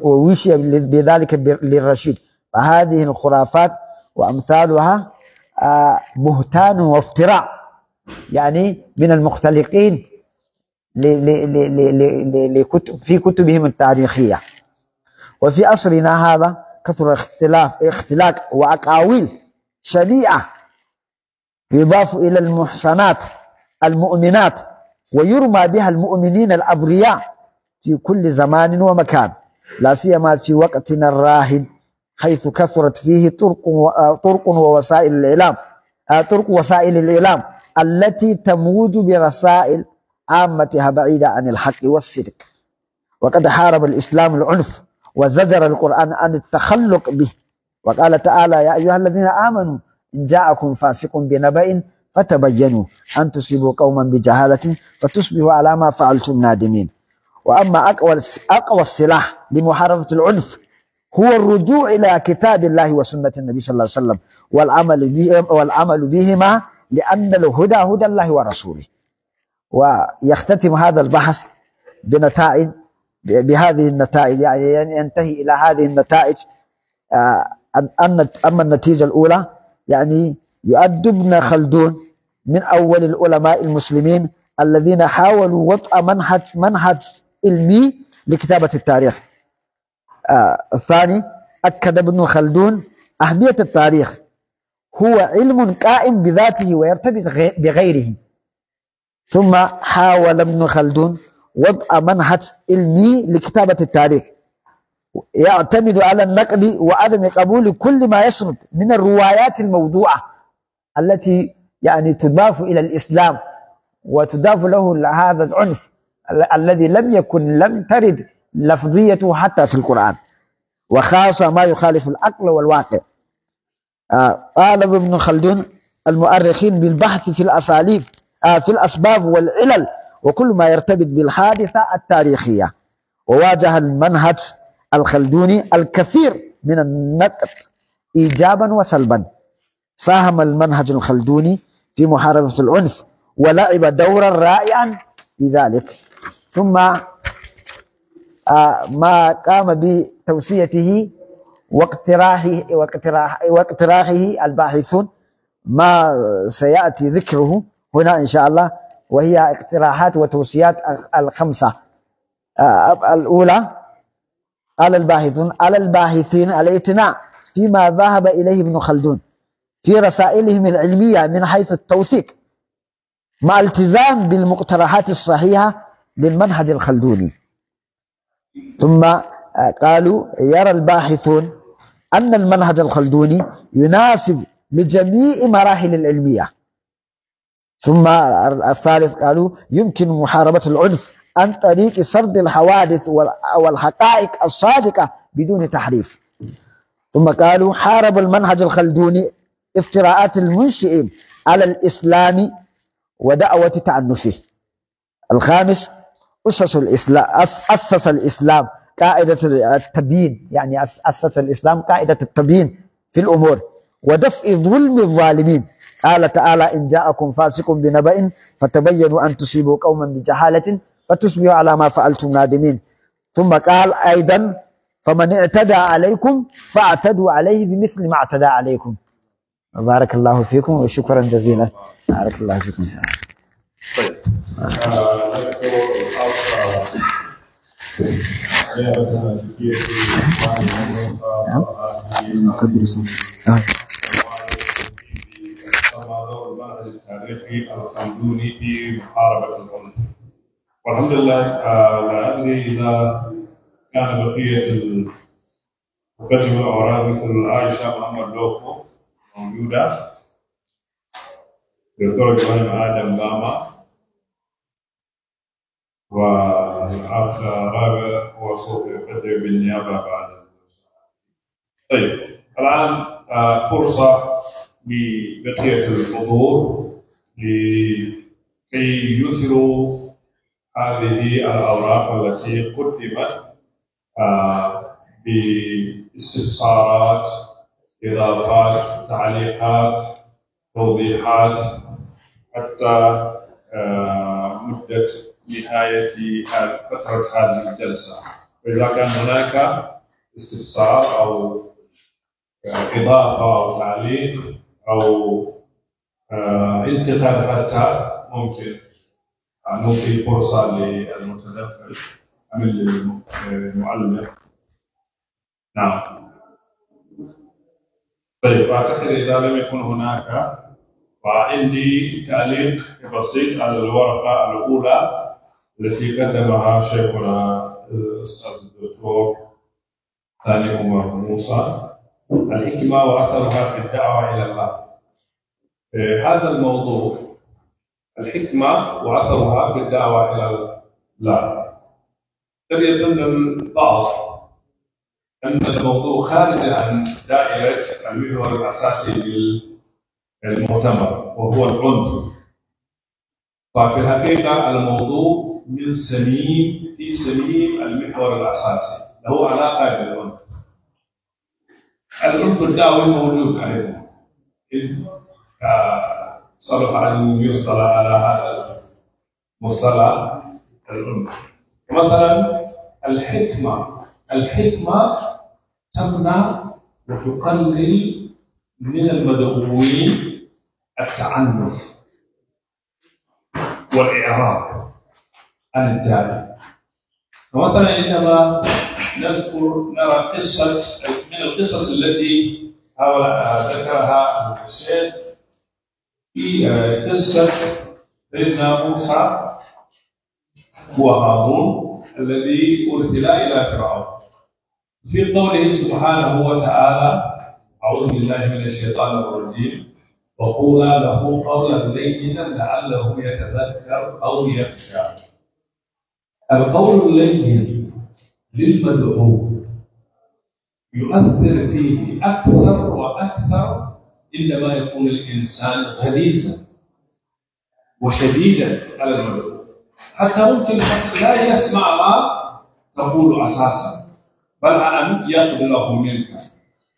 ووشي بذلك للرشيد فهذه الخرافات وأمثالها آه، بهتان وافتراء يعني من المختلقين في كتبهم التاريخية وفي أصلنا هذا كثر اختلاف اختلاق وأقاويل شنيعة يضاف إلى المحصنات المؤمنات ويرمى بها المؤمنين الأبرياء في كل زمان ومكان لا سيما في وقتنا الراهن حيث كثرت فيه طرق طرق ووسائل الإعلام آه، طرق وسائل الإعلام التي تموج برسائل عامتها بعيدة عن الحق والصدق وقد حارب الإسلام العنف وزجر القرآن عن التخلق به وقال تعالى يا أيها الذين آمنوا إن جاءكم فاسق بنبأ فتبينوا أن تصيبوا قوما بجهالة فتصبحوا على ما فعلتم نادمين وأما أقوى أقوى السلاح لمحاربة العنف هو الرجوع إلى كتاب الله وسنة النبي صلى الله عليه وسلم والعمل بهم والعمل بهما لأن الهدى هدى الله ورسوله ويختتم هذا البحث بنتائج بهذه النتائج يعني, يعني ينتهي إلى هذه النتائج آه، أما النتيجة الأولى يعني يؤد ابن خلدون من أول العلماء المسلمين الذين حاولوا وضع منهج منهج علمي لكتابة التاريخ آه، الثاني أكد ابن خلدون أهمية التاريخ هو علم قائم بذاته ويرتبط بغيره ثم حاول ابن خلدون وضع منهج علمي لكتابة التاريخ يعتمد على النقد وعدم قبول كل ما يسرد من الروايات الموضوعة التي يعني تضاف إلى الإسلام وتضاف له هذا العنف الذي لم يكن لم ترد لفظيته حتى في القرآن وخاصة ما يخالف العقل والواقع آه، قال آه ابن خلدون المؤرخين بالبحث في الأساليب آه في الأسباب والعلل وكل ما يرتبط بالحادثة التاريخية وواجه المنهج الخلدوني الكثير من النقد إيجابا وسلبا ساهم المنهج الخلدوني في محاربة العنف ولعب دورا رائعا في ذلك ثم آه، ما قام بتوصيته واقتراحه واقتراح واقتراحه الباحثون ما سياتي ذكره هنا ان شاء الله وهي اقتراحات وتوصيات الخمسة آه، الأولى على الباحثون على الباحثين الاعتناء فيما ذهب إليه ابن خلدون في رسائلهم العلمية من حيث التوثيق مع التزام بالمقترحات الصحيحة للمنهج الخلدوني ثم آه، قالوا يرى الباحثون أن المنهج الخلدوني يناسب لجميع مراحل العلمية ثم الثالث قالوا يمكن محاربة العنف عن طريق سرد الحوادث والحقائق الصادقة بدون تحريف ثم قالوا حارب المنهج الخلدوني افتراءات المنشئين على الإسلام ودعوة تعنفه الخامس أسس الإسلام أسس الإسلام قاعدة التبيين يعني أسس الإسلام قاعدة التبيين في الأمور ودفع ظلم الظالمين قال تعالى إن جاءكم فاسق بنبأ فتبينوا أن تصيبوا قوما بجهالة فتصبحوا على ما فعلتم نادمين ثم قال أيضا فمن اعتدى عليكم فاعتدوا عليه بمثل ما اعتدى عليكم بارك الله فيكم وشكرا جزيلا بارك الله فيكم طيب قدر نعم. صوتك المركز التاريخي الخلدوني في محاربة العنف والحمد لله آه، لا أدري إذا كان بقية القدم الأوراق مثل عائشة محمد لوكو موجودة دكتور إبراهيم آدم باما والأخ رابع صوت يقدم بالنيابة بعد طيب الآن آه، فرصة ببقية الحضور لكي يثروا هذه الأوراق التي قدمت باستفسارات إضافات تعليقات توضيحات حتى مدة نهاية فترة هذه الجلسة وإذا كان هناك استفسار أو إضافة أو تعليق او آه، انتقال حتى ممكن آه، نعطي فرصه للمتدخل ام للمعلق نعم طيب اعتقد اذا لم يكن هناك فعندي تعليق بسيط على الورقه الاولى التي قدمها شيخنا الاستاذ الدكتور ثاني عمر موسى الحكمة وأثرها في الدعوة إلى الله هذا الموضوع الحكمة وأثرها في الدعوة إلى الله قد يظن البعض أن الموضوع خارج عن دائرة المحور الأساسي للمؤتمر وهو العنف ففي الحقيقة الموضوع من سليم في سليم المحور الأساسي له علاقة بالعنف العرف الدعوي موجود علينا أيوة. إيه؟ آه، صلح أن يصطلح على هذا المصطلح العنف مثلا الحكمة الحكمة تمنع وتقلل من المدعوين التعنف والإعراب عن الداعي فمثلا عندما نذكر نرى قصة القصص التي حاول ذكرها الحسين في آه، قصة سيدنا موسى وهارون الذي أرسلا إلى فرعون في قوله سبحانه وتعالى أعوذ بالله من الشيطان الرجيم وقولا له قولا لينا لعله يتذكر أو يخشى القول اللين للمدعو يؤثر فيه أكثر وأكثر إلا ما يكون الإنسان غليظا وشديدا على المدعو حتى ممكن لا يسمع ما تقول أساسا بل أن يقبله منك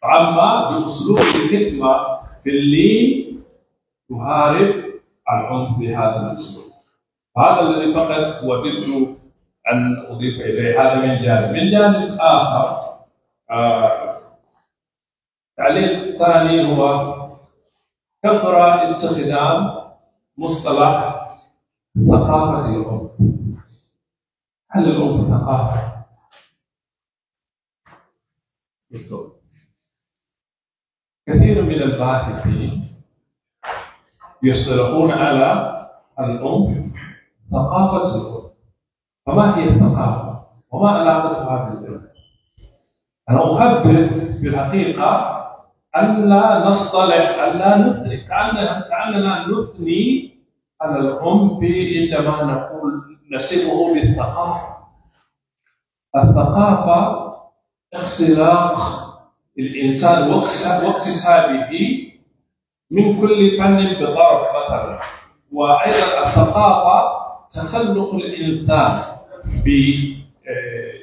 عما بأسلوب الحكمة في اللين تهارب العنف بهذا الأسلوب هذا الذي فقط وددت أن أضيف إليه هذا من جانب من جانب آخر تعليق ثاني هو كثر استخدام مصطلح ثقافة الأم هل الأم ثقافة؟ كثير من الباحثين يصطلحون على الأم ثقافة الأم فما هي الثقافة؟ وما علاقتها بالأم؟ أنا أخبر الحقيقة ألا نصطلح ألا ندرك كأننا نثني على الأم عندما نقول نسبه بالثقافة الثقافة اختلاق الإنسان واكتسابه من كل فن بطرف مثلا وأيضا الثقافة تخلق الإنسان ب آه،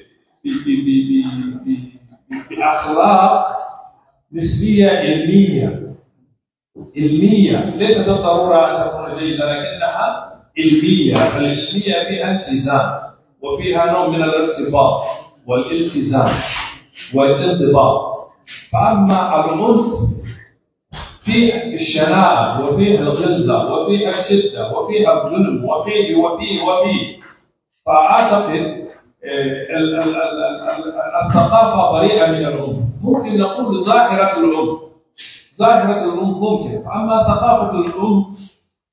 الاخلاق نسبية علمية علمية ليست بالضرورة أن تكون جيدة لكنها علمية فالعلمية فيها التزام وفيها نوع من الارتباط والالتزام والانضباط فأما العنف فيه الشناعة وفيه الغلظه وفيه الشدة وفيه الظلم وفيه وفيه وفيه فأعتقد الثقافة بريئة من العنف ممكن نقول ظاهرة العنف ظاهرة العنف ممكن أما ثقافة العنف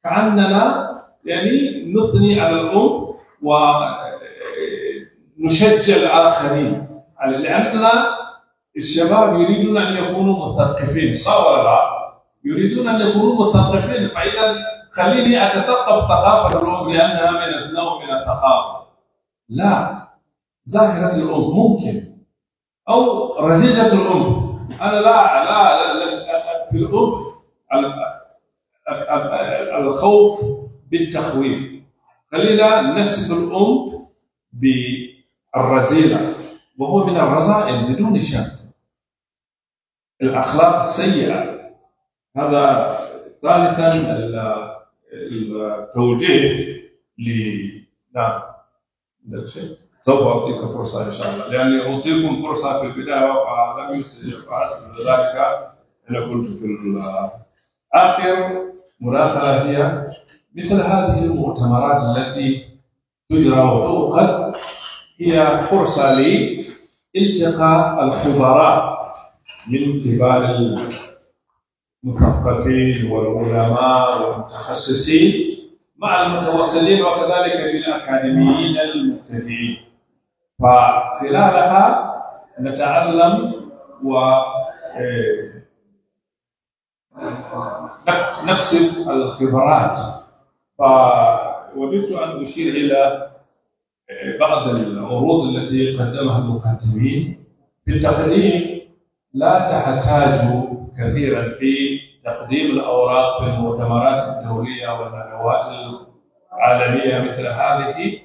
كأننا يعني نثني على الأم ونشجع الآخرين على لأننا الشباب يريدون أن يكونوا مثقفين صح ولا لا؟ يريدون أن يكونوا مثقفين فإذا خليني أتثقف ثقافة الأم لأنها من النوع من الثقافة لا ظاهرة الأم ممكن أو رزيجة الأم أنا لا لا, لا في الأم الخوف بالتخويف خلينا نسب الأم بالرزيلة وهو من الرذائل بدون شك الأخلاق السيئة هذا ثالثا التوجيه ل نعم سوف أعطيك فرصة إن شاء الله لأني أعطيكم فرصة في البداية ولم يستجب لذلك أنا كنت في آخر مداخلة هي مثل هذه المؤتمرات التي تجرى وتؤقت هي فرصة لالتقاء الخبراء من كبار المثقفين والعلماء والمتخصصين مع المتوسلين وكذلك بالأكاديميين المبتدئين فخلالها نتعلم و آه، نكسب الخبرات فوددت أن أشير إلى آه، بعض العروض التي قدمها المقدمين في التقديم لا تحتاج كثيرا في تقديم الأوراق في المؤتمرات الدولية والندوات العالمية مثل هذه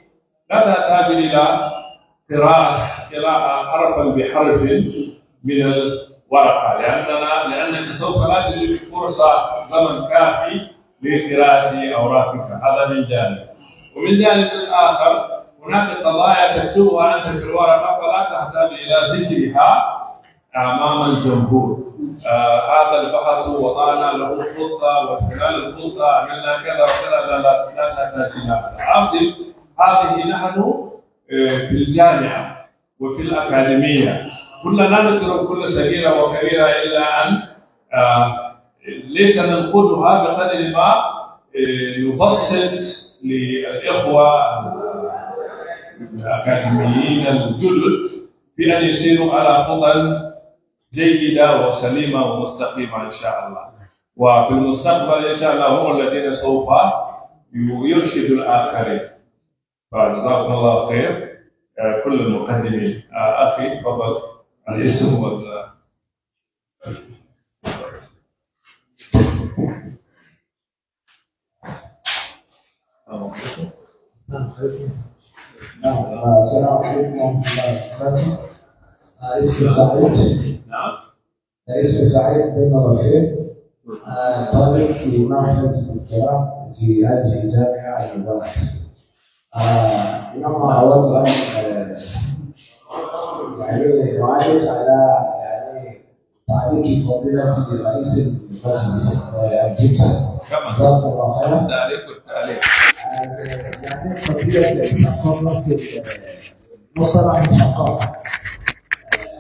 لا تحتاج إلى قراءة قراءة حرفا بحرف من الورقة لأننا لأنك سوف لا تجد فرصة زمن كافي لقراءة أوراقك هذا من جانب ومن جانب آخر هناك قضايا تكتبها أنت في الورقة فلا تحتاج إلى ذكرها أمام الجمهور آه هذا البحث وضعنا له خطة وخلال الخطة عملنا كذا وكذا لا لا تحتاج إلى هذا هذه نحن في الجامعة وفي الأكاديمية كنا لا نترك كل صغيرة وكبيرة إلا أن آه، ليس ننقدها بقدر ما آه، يبسط للإخوة الأكاديميين الجدد في أن يسيروا على خطى جيدة وسليمة ومستقيمة إن شاء الله وفي المستقبل إن شاء الله هم الذين سوف يرشد الآخرين فجزاكم الله خير آه، كل المقدمين آه، اخي تفضل الاسم وال السلام نعم. عليكم ورحمه الله وبركاته اسمي سعيد نعم اسمي سعيد بن رفيق طالب في معهد الدكتوراه في هذه الجامعه المباركه آه انما اولا آه، يعني اعالج على يعني تعليق فضيلة رئيس المجلس الجنسي آه، جزاكم الله خيرا التعليق آه، يعني قضية تصنف مصطلح الشقاقة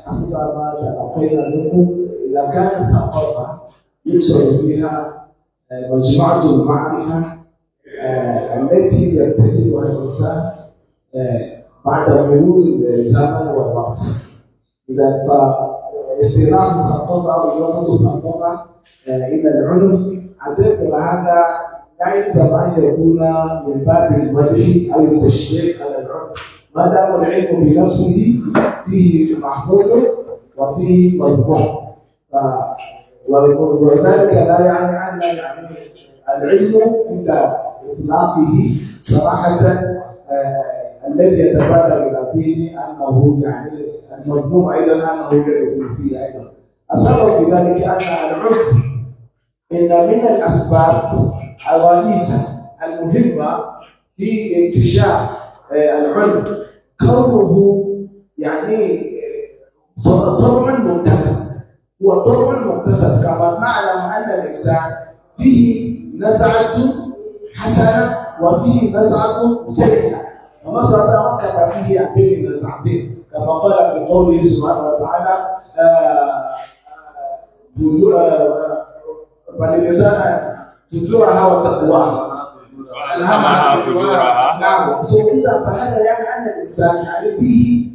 حسب ما تلقينا منكم إذا كانت حقيقة يقصد فيها مجموعة المعرفة التي يكتسبها الانسان بعد مرور الزمن والوقت. اذا فاستيراد آه، مخططه وجوده مخططه آه، الى العنف اعتقد هذا لا يلزم ان يكون من باب الوجه او التشجيع على العنف ما دام العلم بنفسه فيه محمود وفيه مذموم وذلك لا يعني ان العلم الا إطلاقه صراحة آه، الذي يتبادر إلى ذهني أنه يعني المضمون أيضا أنه لا يكون فيه أيضا السبب في ذلك أن العرف إن من الأسباب الرئيسة المهمة في انتشار آه، العلم كونه يعني آه، طبعا مكتسب هو طبعا مكتسب كما نعلم أن الإنسان فيه نزعة حسنة وفيه نزعة سيئة ونزعة كما فيه هاتين النزعتين كما قال في قوله سبحانه وتعالى فالإنسان آه، آه، آه، تجرها وتقواها ألهمها فجورها نعم سو فهذا يعني أن الإنسان يعني فيه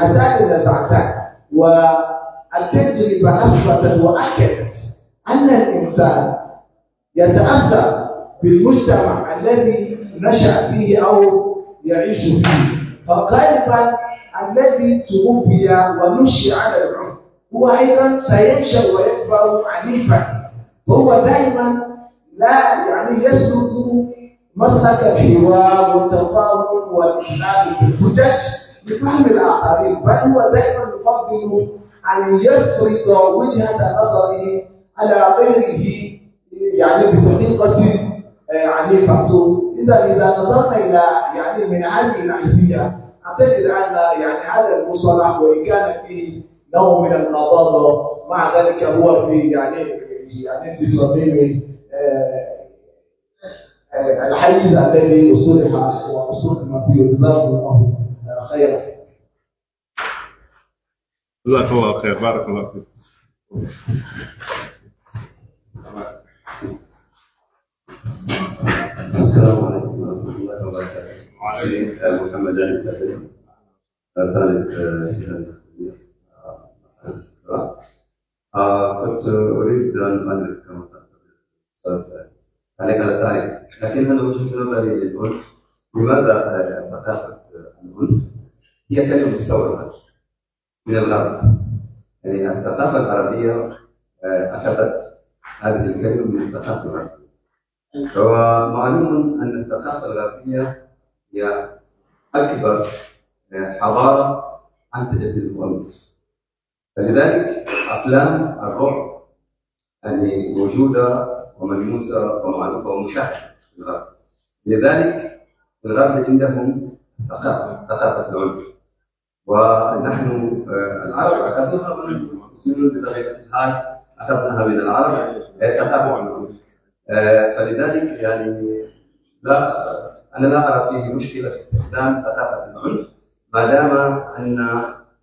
هاتان النزعتان والتجربة أثبتت وأكدت أن الإنسان يتأثر بالمجتمع الذي نشأ فيه أو يعيش فيه فغالبا الذي تربي ونشئ على العنف هو أيضا سينشأ ويكبر عنيفا فهو دائما لا يعني يسلك مسلك الحوار والتفاهم والاحلام بالحجج لفهم الآخرين بل هو دائما يفضل أن يفرض وجهة نظره على غيره يعني بطريقة عنيفة إذا إذا نظرنا إلى يعني من هذه الناحيه أعتقد أن يعني هذا المصطلح وإن كان فيه نوع من النضارة مع ذلك هو في يعني يعني في صميم آه، آه، الحيز الذي اصطلح واصطلح فيه جزاكم الله خيرا. جزاكم الله خير بارك الله فيك. السلام عليكم ورحمه الله وبركاته. وعليكم محمد علي السعدي. طالب آه، آه، آه، كنت اريد ان اعلق كما تفضل عليك على التعليق لكن انا وجهه نظري للعنف لماذا ثقافه العنف هي كلمه مستورده من الغرب يعني الثقافه العربيه اخذت هذه الكلمه من الثقافه العربيه ومعلوم أن الثقافة الغربية هي أكبر آه، حضارة أنتجت الكوميكس فلذلك أفلام الرعب يعني موجودة وملموسة ومعروفة ومشاهدة في الغرب لذلك في الغرب عندهم ثقافة ثقافة العنف ونحن آه، العرب أخذوها من المسلمين بطبيعة الحال أخذناها من العرب ثقافة العنف آه، فلذلك يعني لا انا لا ارى فيه مشكله في استخدام ثقافه العنف ما دام ان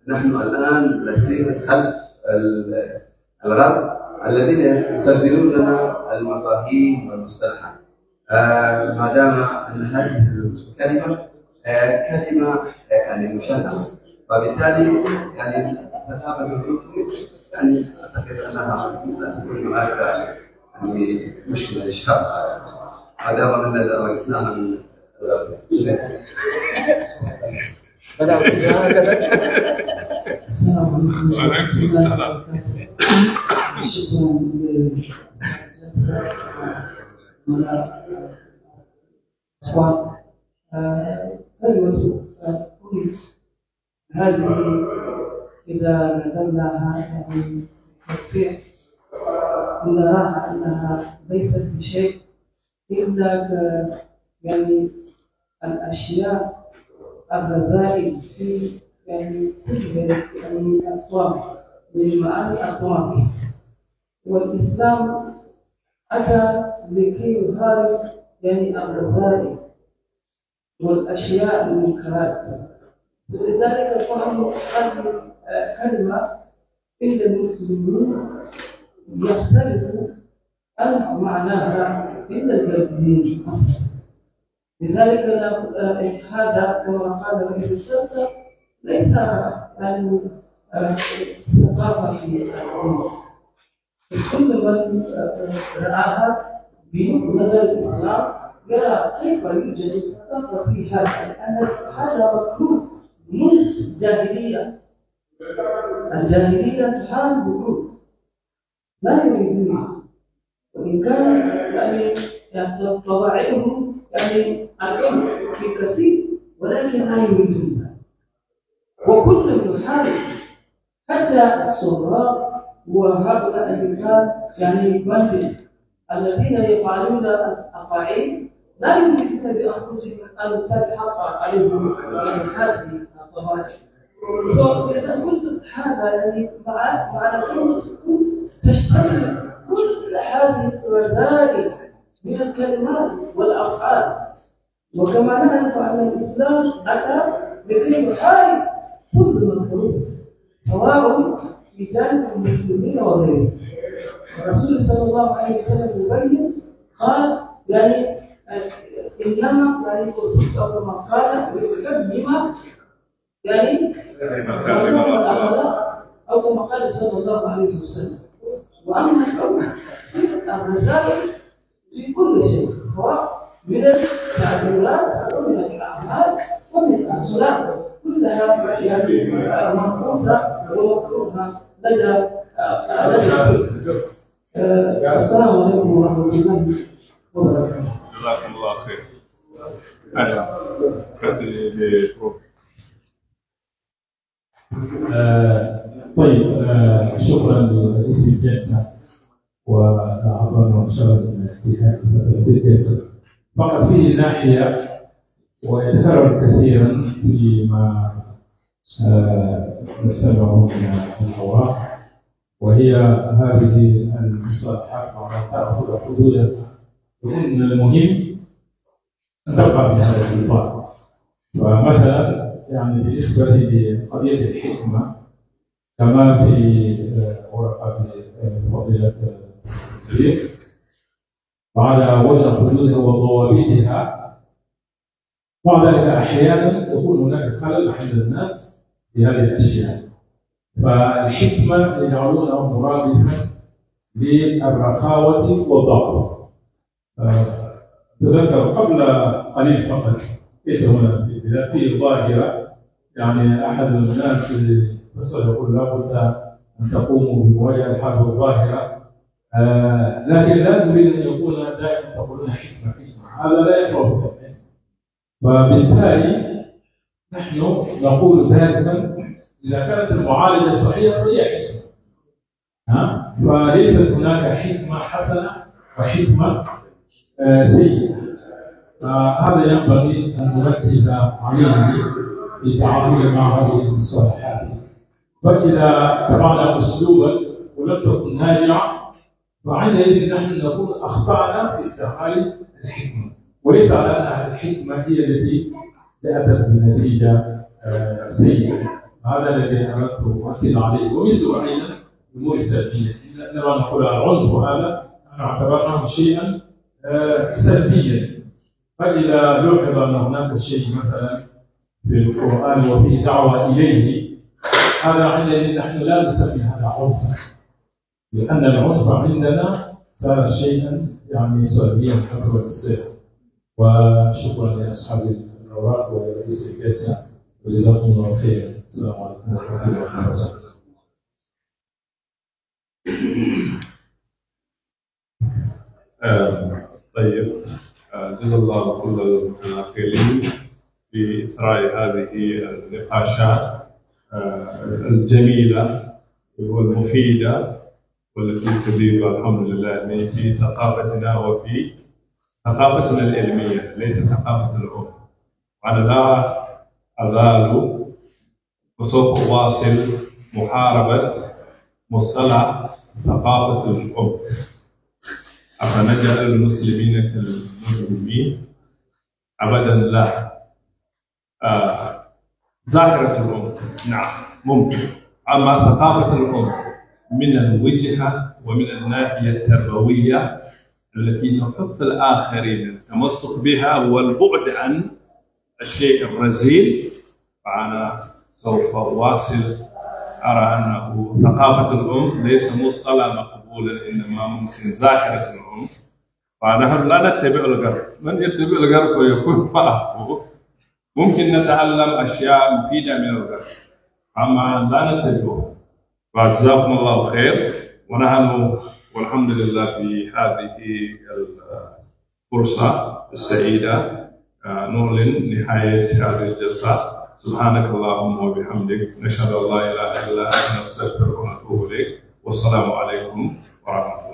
نحن الان نسير خلف الغرب الذين يسددون لنا المفاهيم والمصطلحات آه، ما دام ان هذه الكلمه آه، كلمه يعني مشنعه وبالتالي يعني ثقافه العنف يعني اعتقد انها لا تكون هناك مشكله ان هذا هو من رقصناها من السلام عليكم السلام شكرا كلمة هذه إذا نزلناها يعني توسيع نراها انها ليست بشيء الا يعني الاشياء الرذائل في يعني يعني الاقوام من معاني الاقوام والاسلام اتى لكي يفارق يعني الرذائل والاشياء المنكرات ولذلك فهم هذه الكلمه آه، عند المسلمين يختلف معناها إلا الكافرين لذلك هذا كما قال رئيس الشمس ليس يعني ثقافه في الامه كل من آه، راها بنظر الاسلام يرى كيف يوجد ثقافه في هذا لان هذا مكروه منذ الجاهليه الجاهليه حال بروح ما يريد معه وإن كان يعني طواعيهم يعني العنف في كثير ولكن لا يريدون وكل يحارب حتى الصغار وهؤلاء الرجال يعني بلد الذين يفعلون الأقاعيل لا يمكن بأنفسهم أن تلحق عليهم هذه الطبائع. سواء كل هذا يعني مع مع كلمة تشتمل كل هذه المبادئ من الكلمات والأفعال وكما نعرف أن الإسلام أتى لكي يحارب كل مكروه سواء في جانب المسلمين وغيرهم الرسول صلى الله عليه وسلم يبين قال يعني انما يعني اوصيت او كما قال بما يعني, يعني او كما قال صلى الله عليه وسلم وأما النزاع في كل شيء سواء من التعبيرات أو من الأعمال ومن الأخلاق كلها فيها منقوصة ومكروهة لدى السلام عليكم ورحمة الله وبركاته جزاكم الله خير أنا كنت طيب آه، شكرا لاسم الجلسه والاعضاء المبشره بالانتهاء الجلسه فقط فيه ناحيه ويتكرر كثيرا فيما آه، نستمعه من الحوار وهي هذه المصطلحات تاخذ حدودها من المهم ان تبقى في هذا الاطار فمثلا يعني بالنسبه لقضيه الحكمه كما في آه، ورقة آه، فضيلة الشريف آه، وعلى وجه حدودها وضوابطها مع ذلك احيانا يكون هناك خلل عند الناس في هذه الاشياء فالحكمه يجعلونه مرادفه للرخاوه والضعف تذكر قبل قليل فقط ليس هنا في البلاد في ظاهره يعني احد الناس الرسول يقول لابد ان تقوموا بروايه الحرب الظاهره آه لكن لا تريد ان يكون دائما تقولون حكمه حكمه هذا لا يفرق فبالتالي نحن نقول دائما اذا كانت المعالجه صحيحه فهي حكمه ها فليست هناك حكمه حسنه وحكمه آه سيئه فهذا ينبغي ان نركز عليه في التعامل مع هذه المصطلحات فإذا تبعنا أسلوبا ولم تكن ناجعة فعندئذ نحن نكون أخطأنا في استعمال الحكمة وليس على أن الحكمة هي التي أتت بنتيجة آه، سيئة هذا الذي أردت أؤكد عليه ومثل أيضا الأمور السلبية نرى نقول العنف هذا أنا اعتبرناه شيئا آه، سلبيا فإذا لوحظ أن هناك شيء مثلا في القرآن وفي دعوة إليه هذا عندئذ نحن لا نسمي هذا عنفا لأن العنف عندنا صار شيئا يعني سلبيا حسب السير وشكرا لأصحاب الأوراق ولرئيس الكيتسا وجزاكم الله خيرا السلام عليكم ورحمة الله وبركاته آه، طيب آه، جزا الله كل في بإثراء هذه النقاشات الجميلة والمفيدة والتي تبيض الحمد لله في ثقافتنا وفي ثقافتنا العلمية ليس ثقافة العلم وأنا لا أزال وسوف أواصل محاربة مصطلح ثقافة الحب أفنجعل المسلمين كالمسلمين أبدا لا آه ظاهرة نعم ممكن أما ثقافة الأم من الوجهة ومن الناحية التربوية التي تحث الآخرين التمسك بها والبعد عن الشيء الرزيل فأنا سوف أواصل أرى أنه ثقافة الأم ليس مصطلح مقبولا إنما ممكن ذاكرة الأم فنحن لا نتبع الغرب من يتبع الغرب ويكون معه ممكن نتعلم أشياء مفيدة من الغرب أما لا نتبعها فجزاكم الله خير ونحن والحمد لله في هذه الفرصة السعيدة آه، نعلن نهاية هذه الجلسة سبحانك اللهم وبحمدك نشهد أن لا إله إلا أنت نستغفرك ونتوب إليك والسلام عليكم ورحمة الله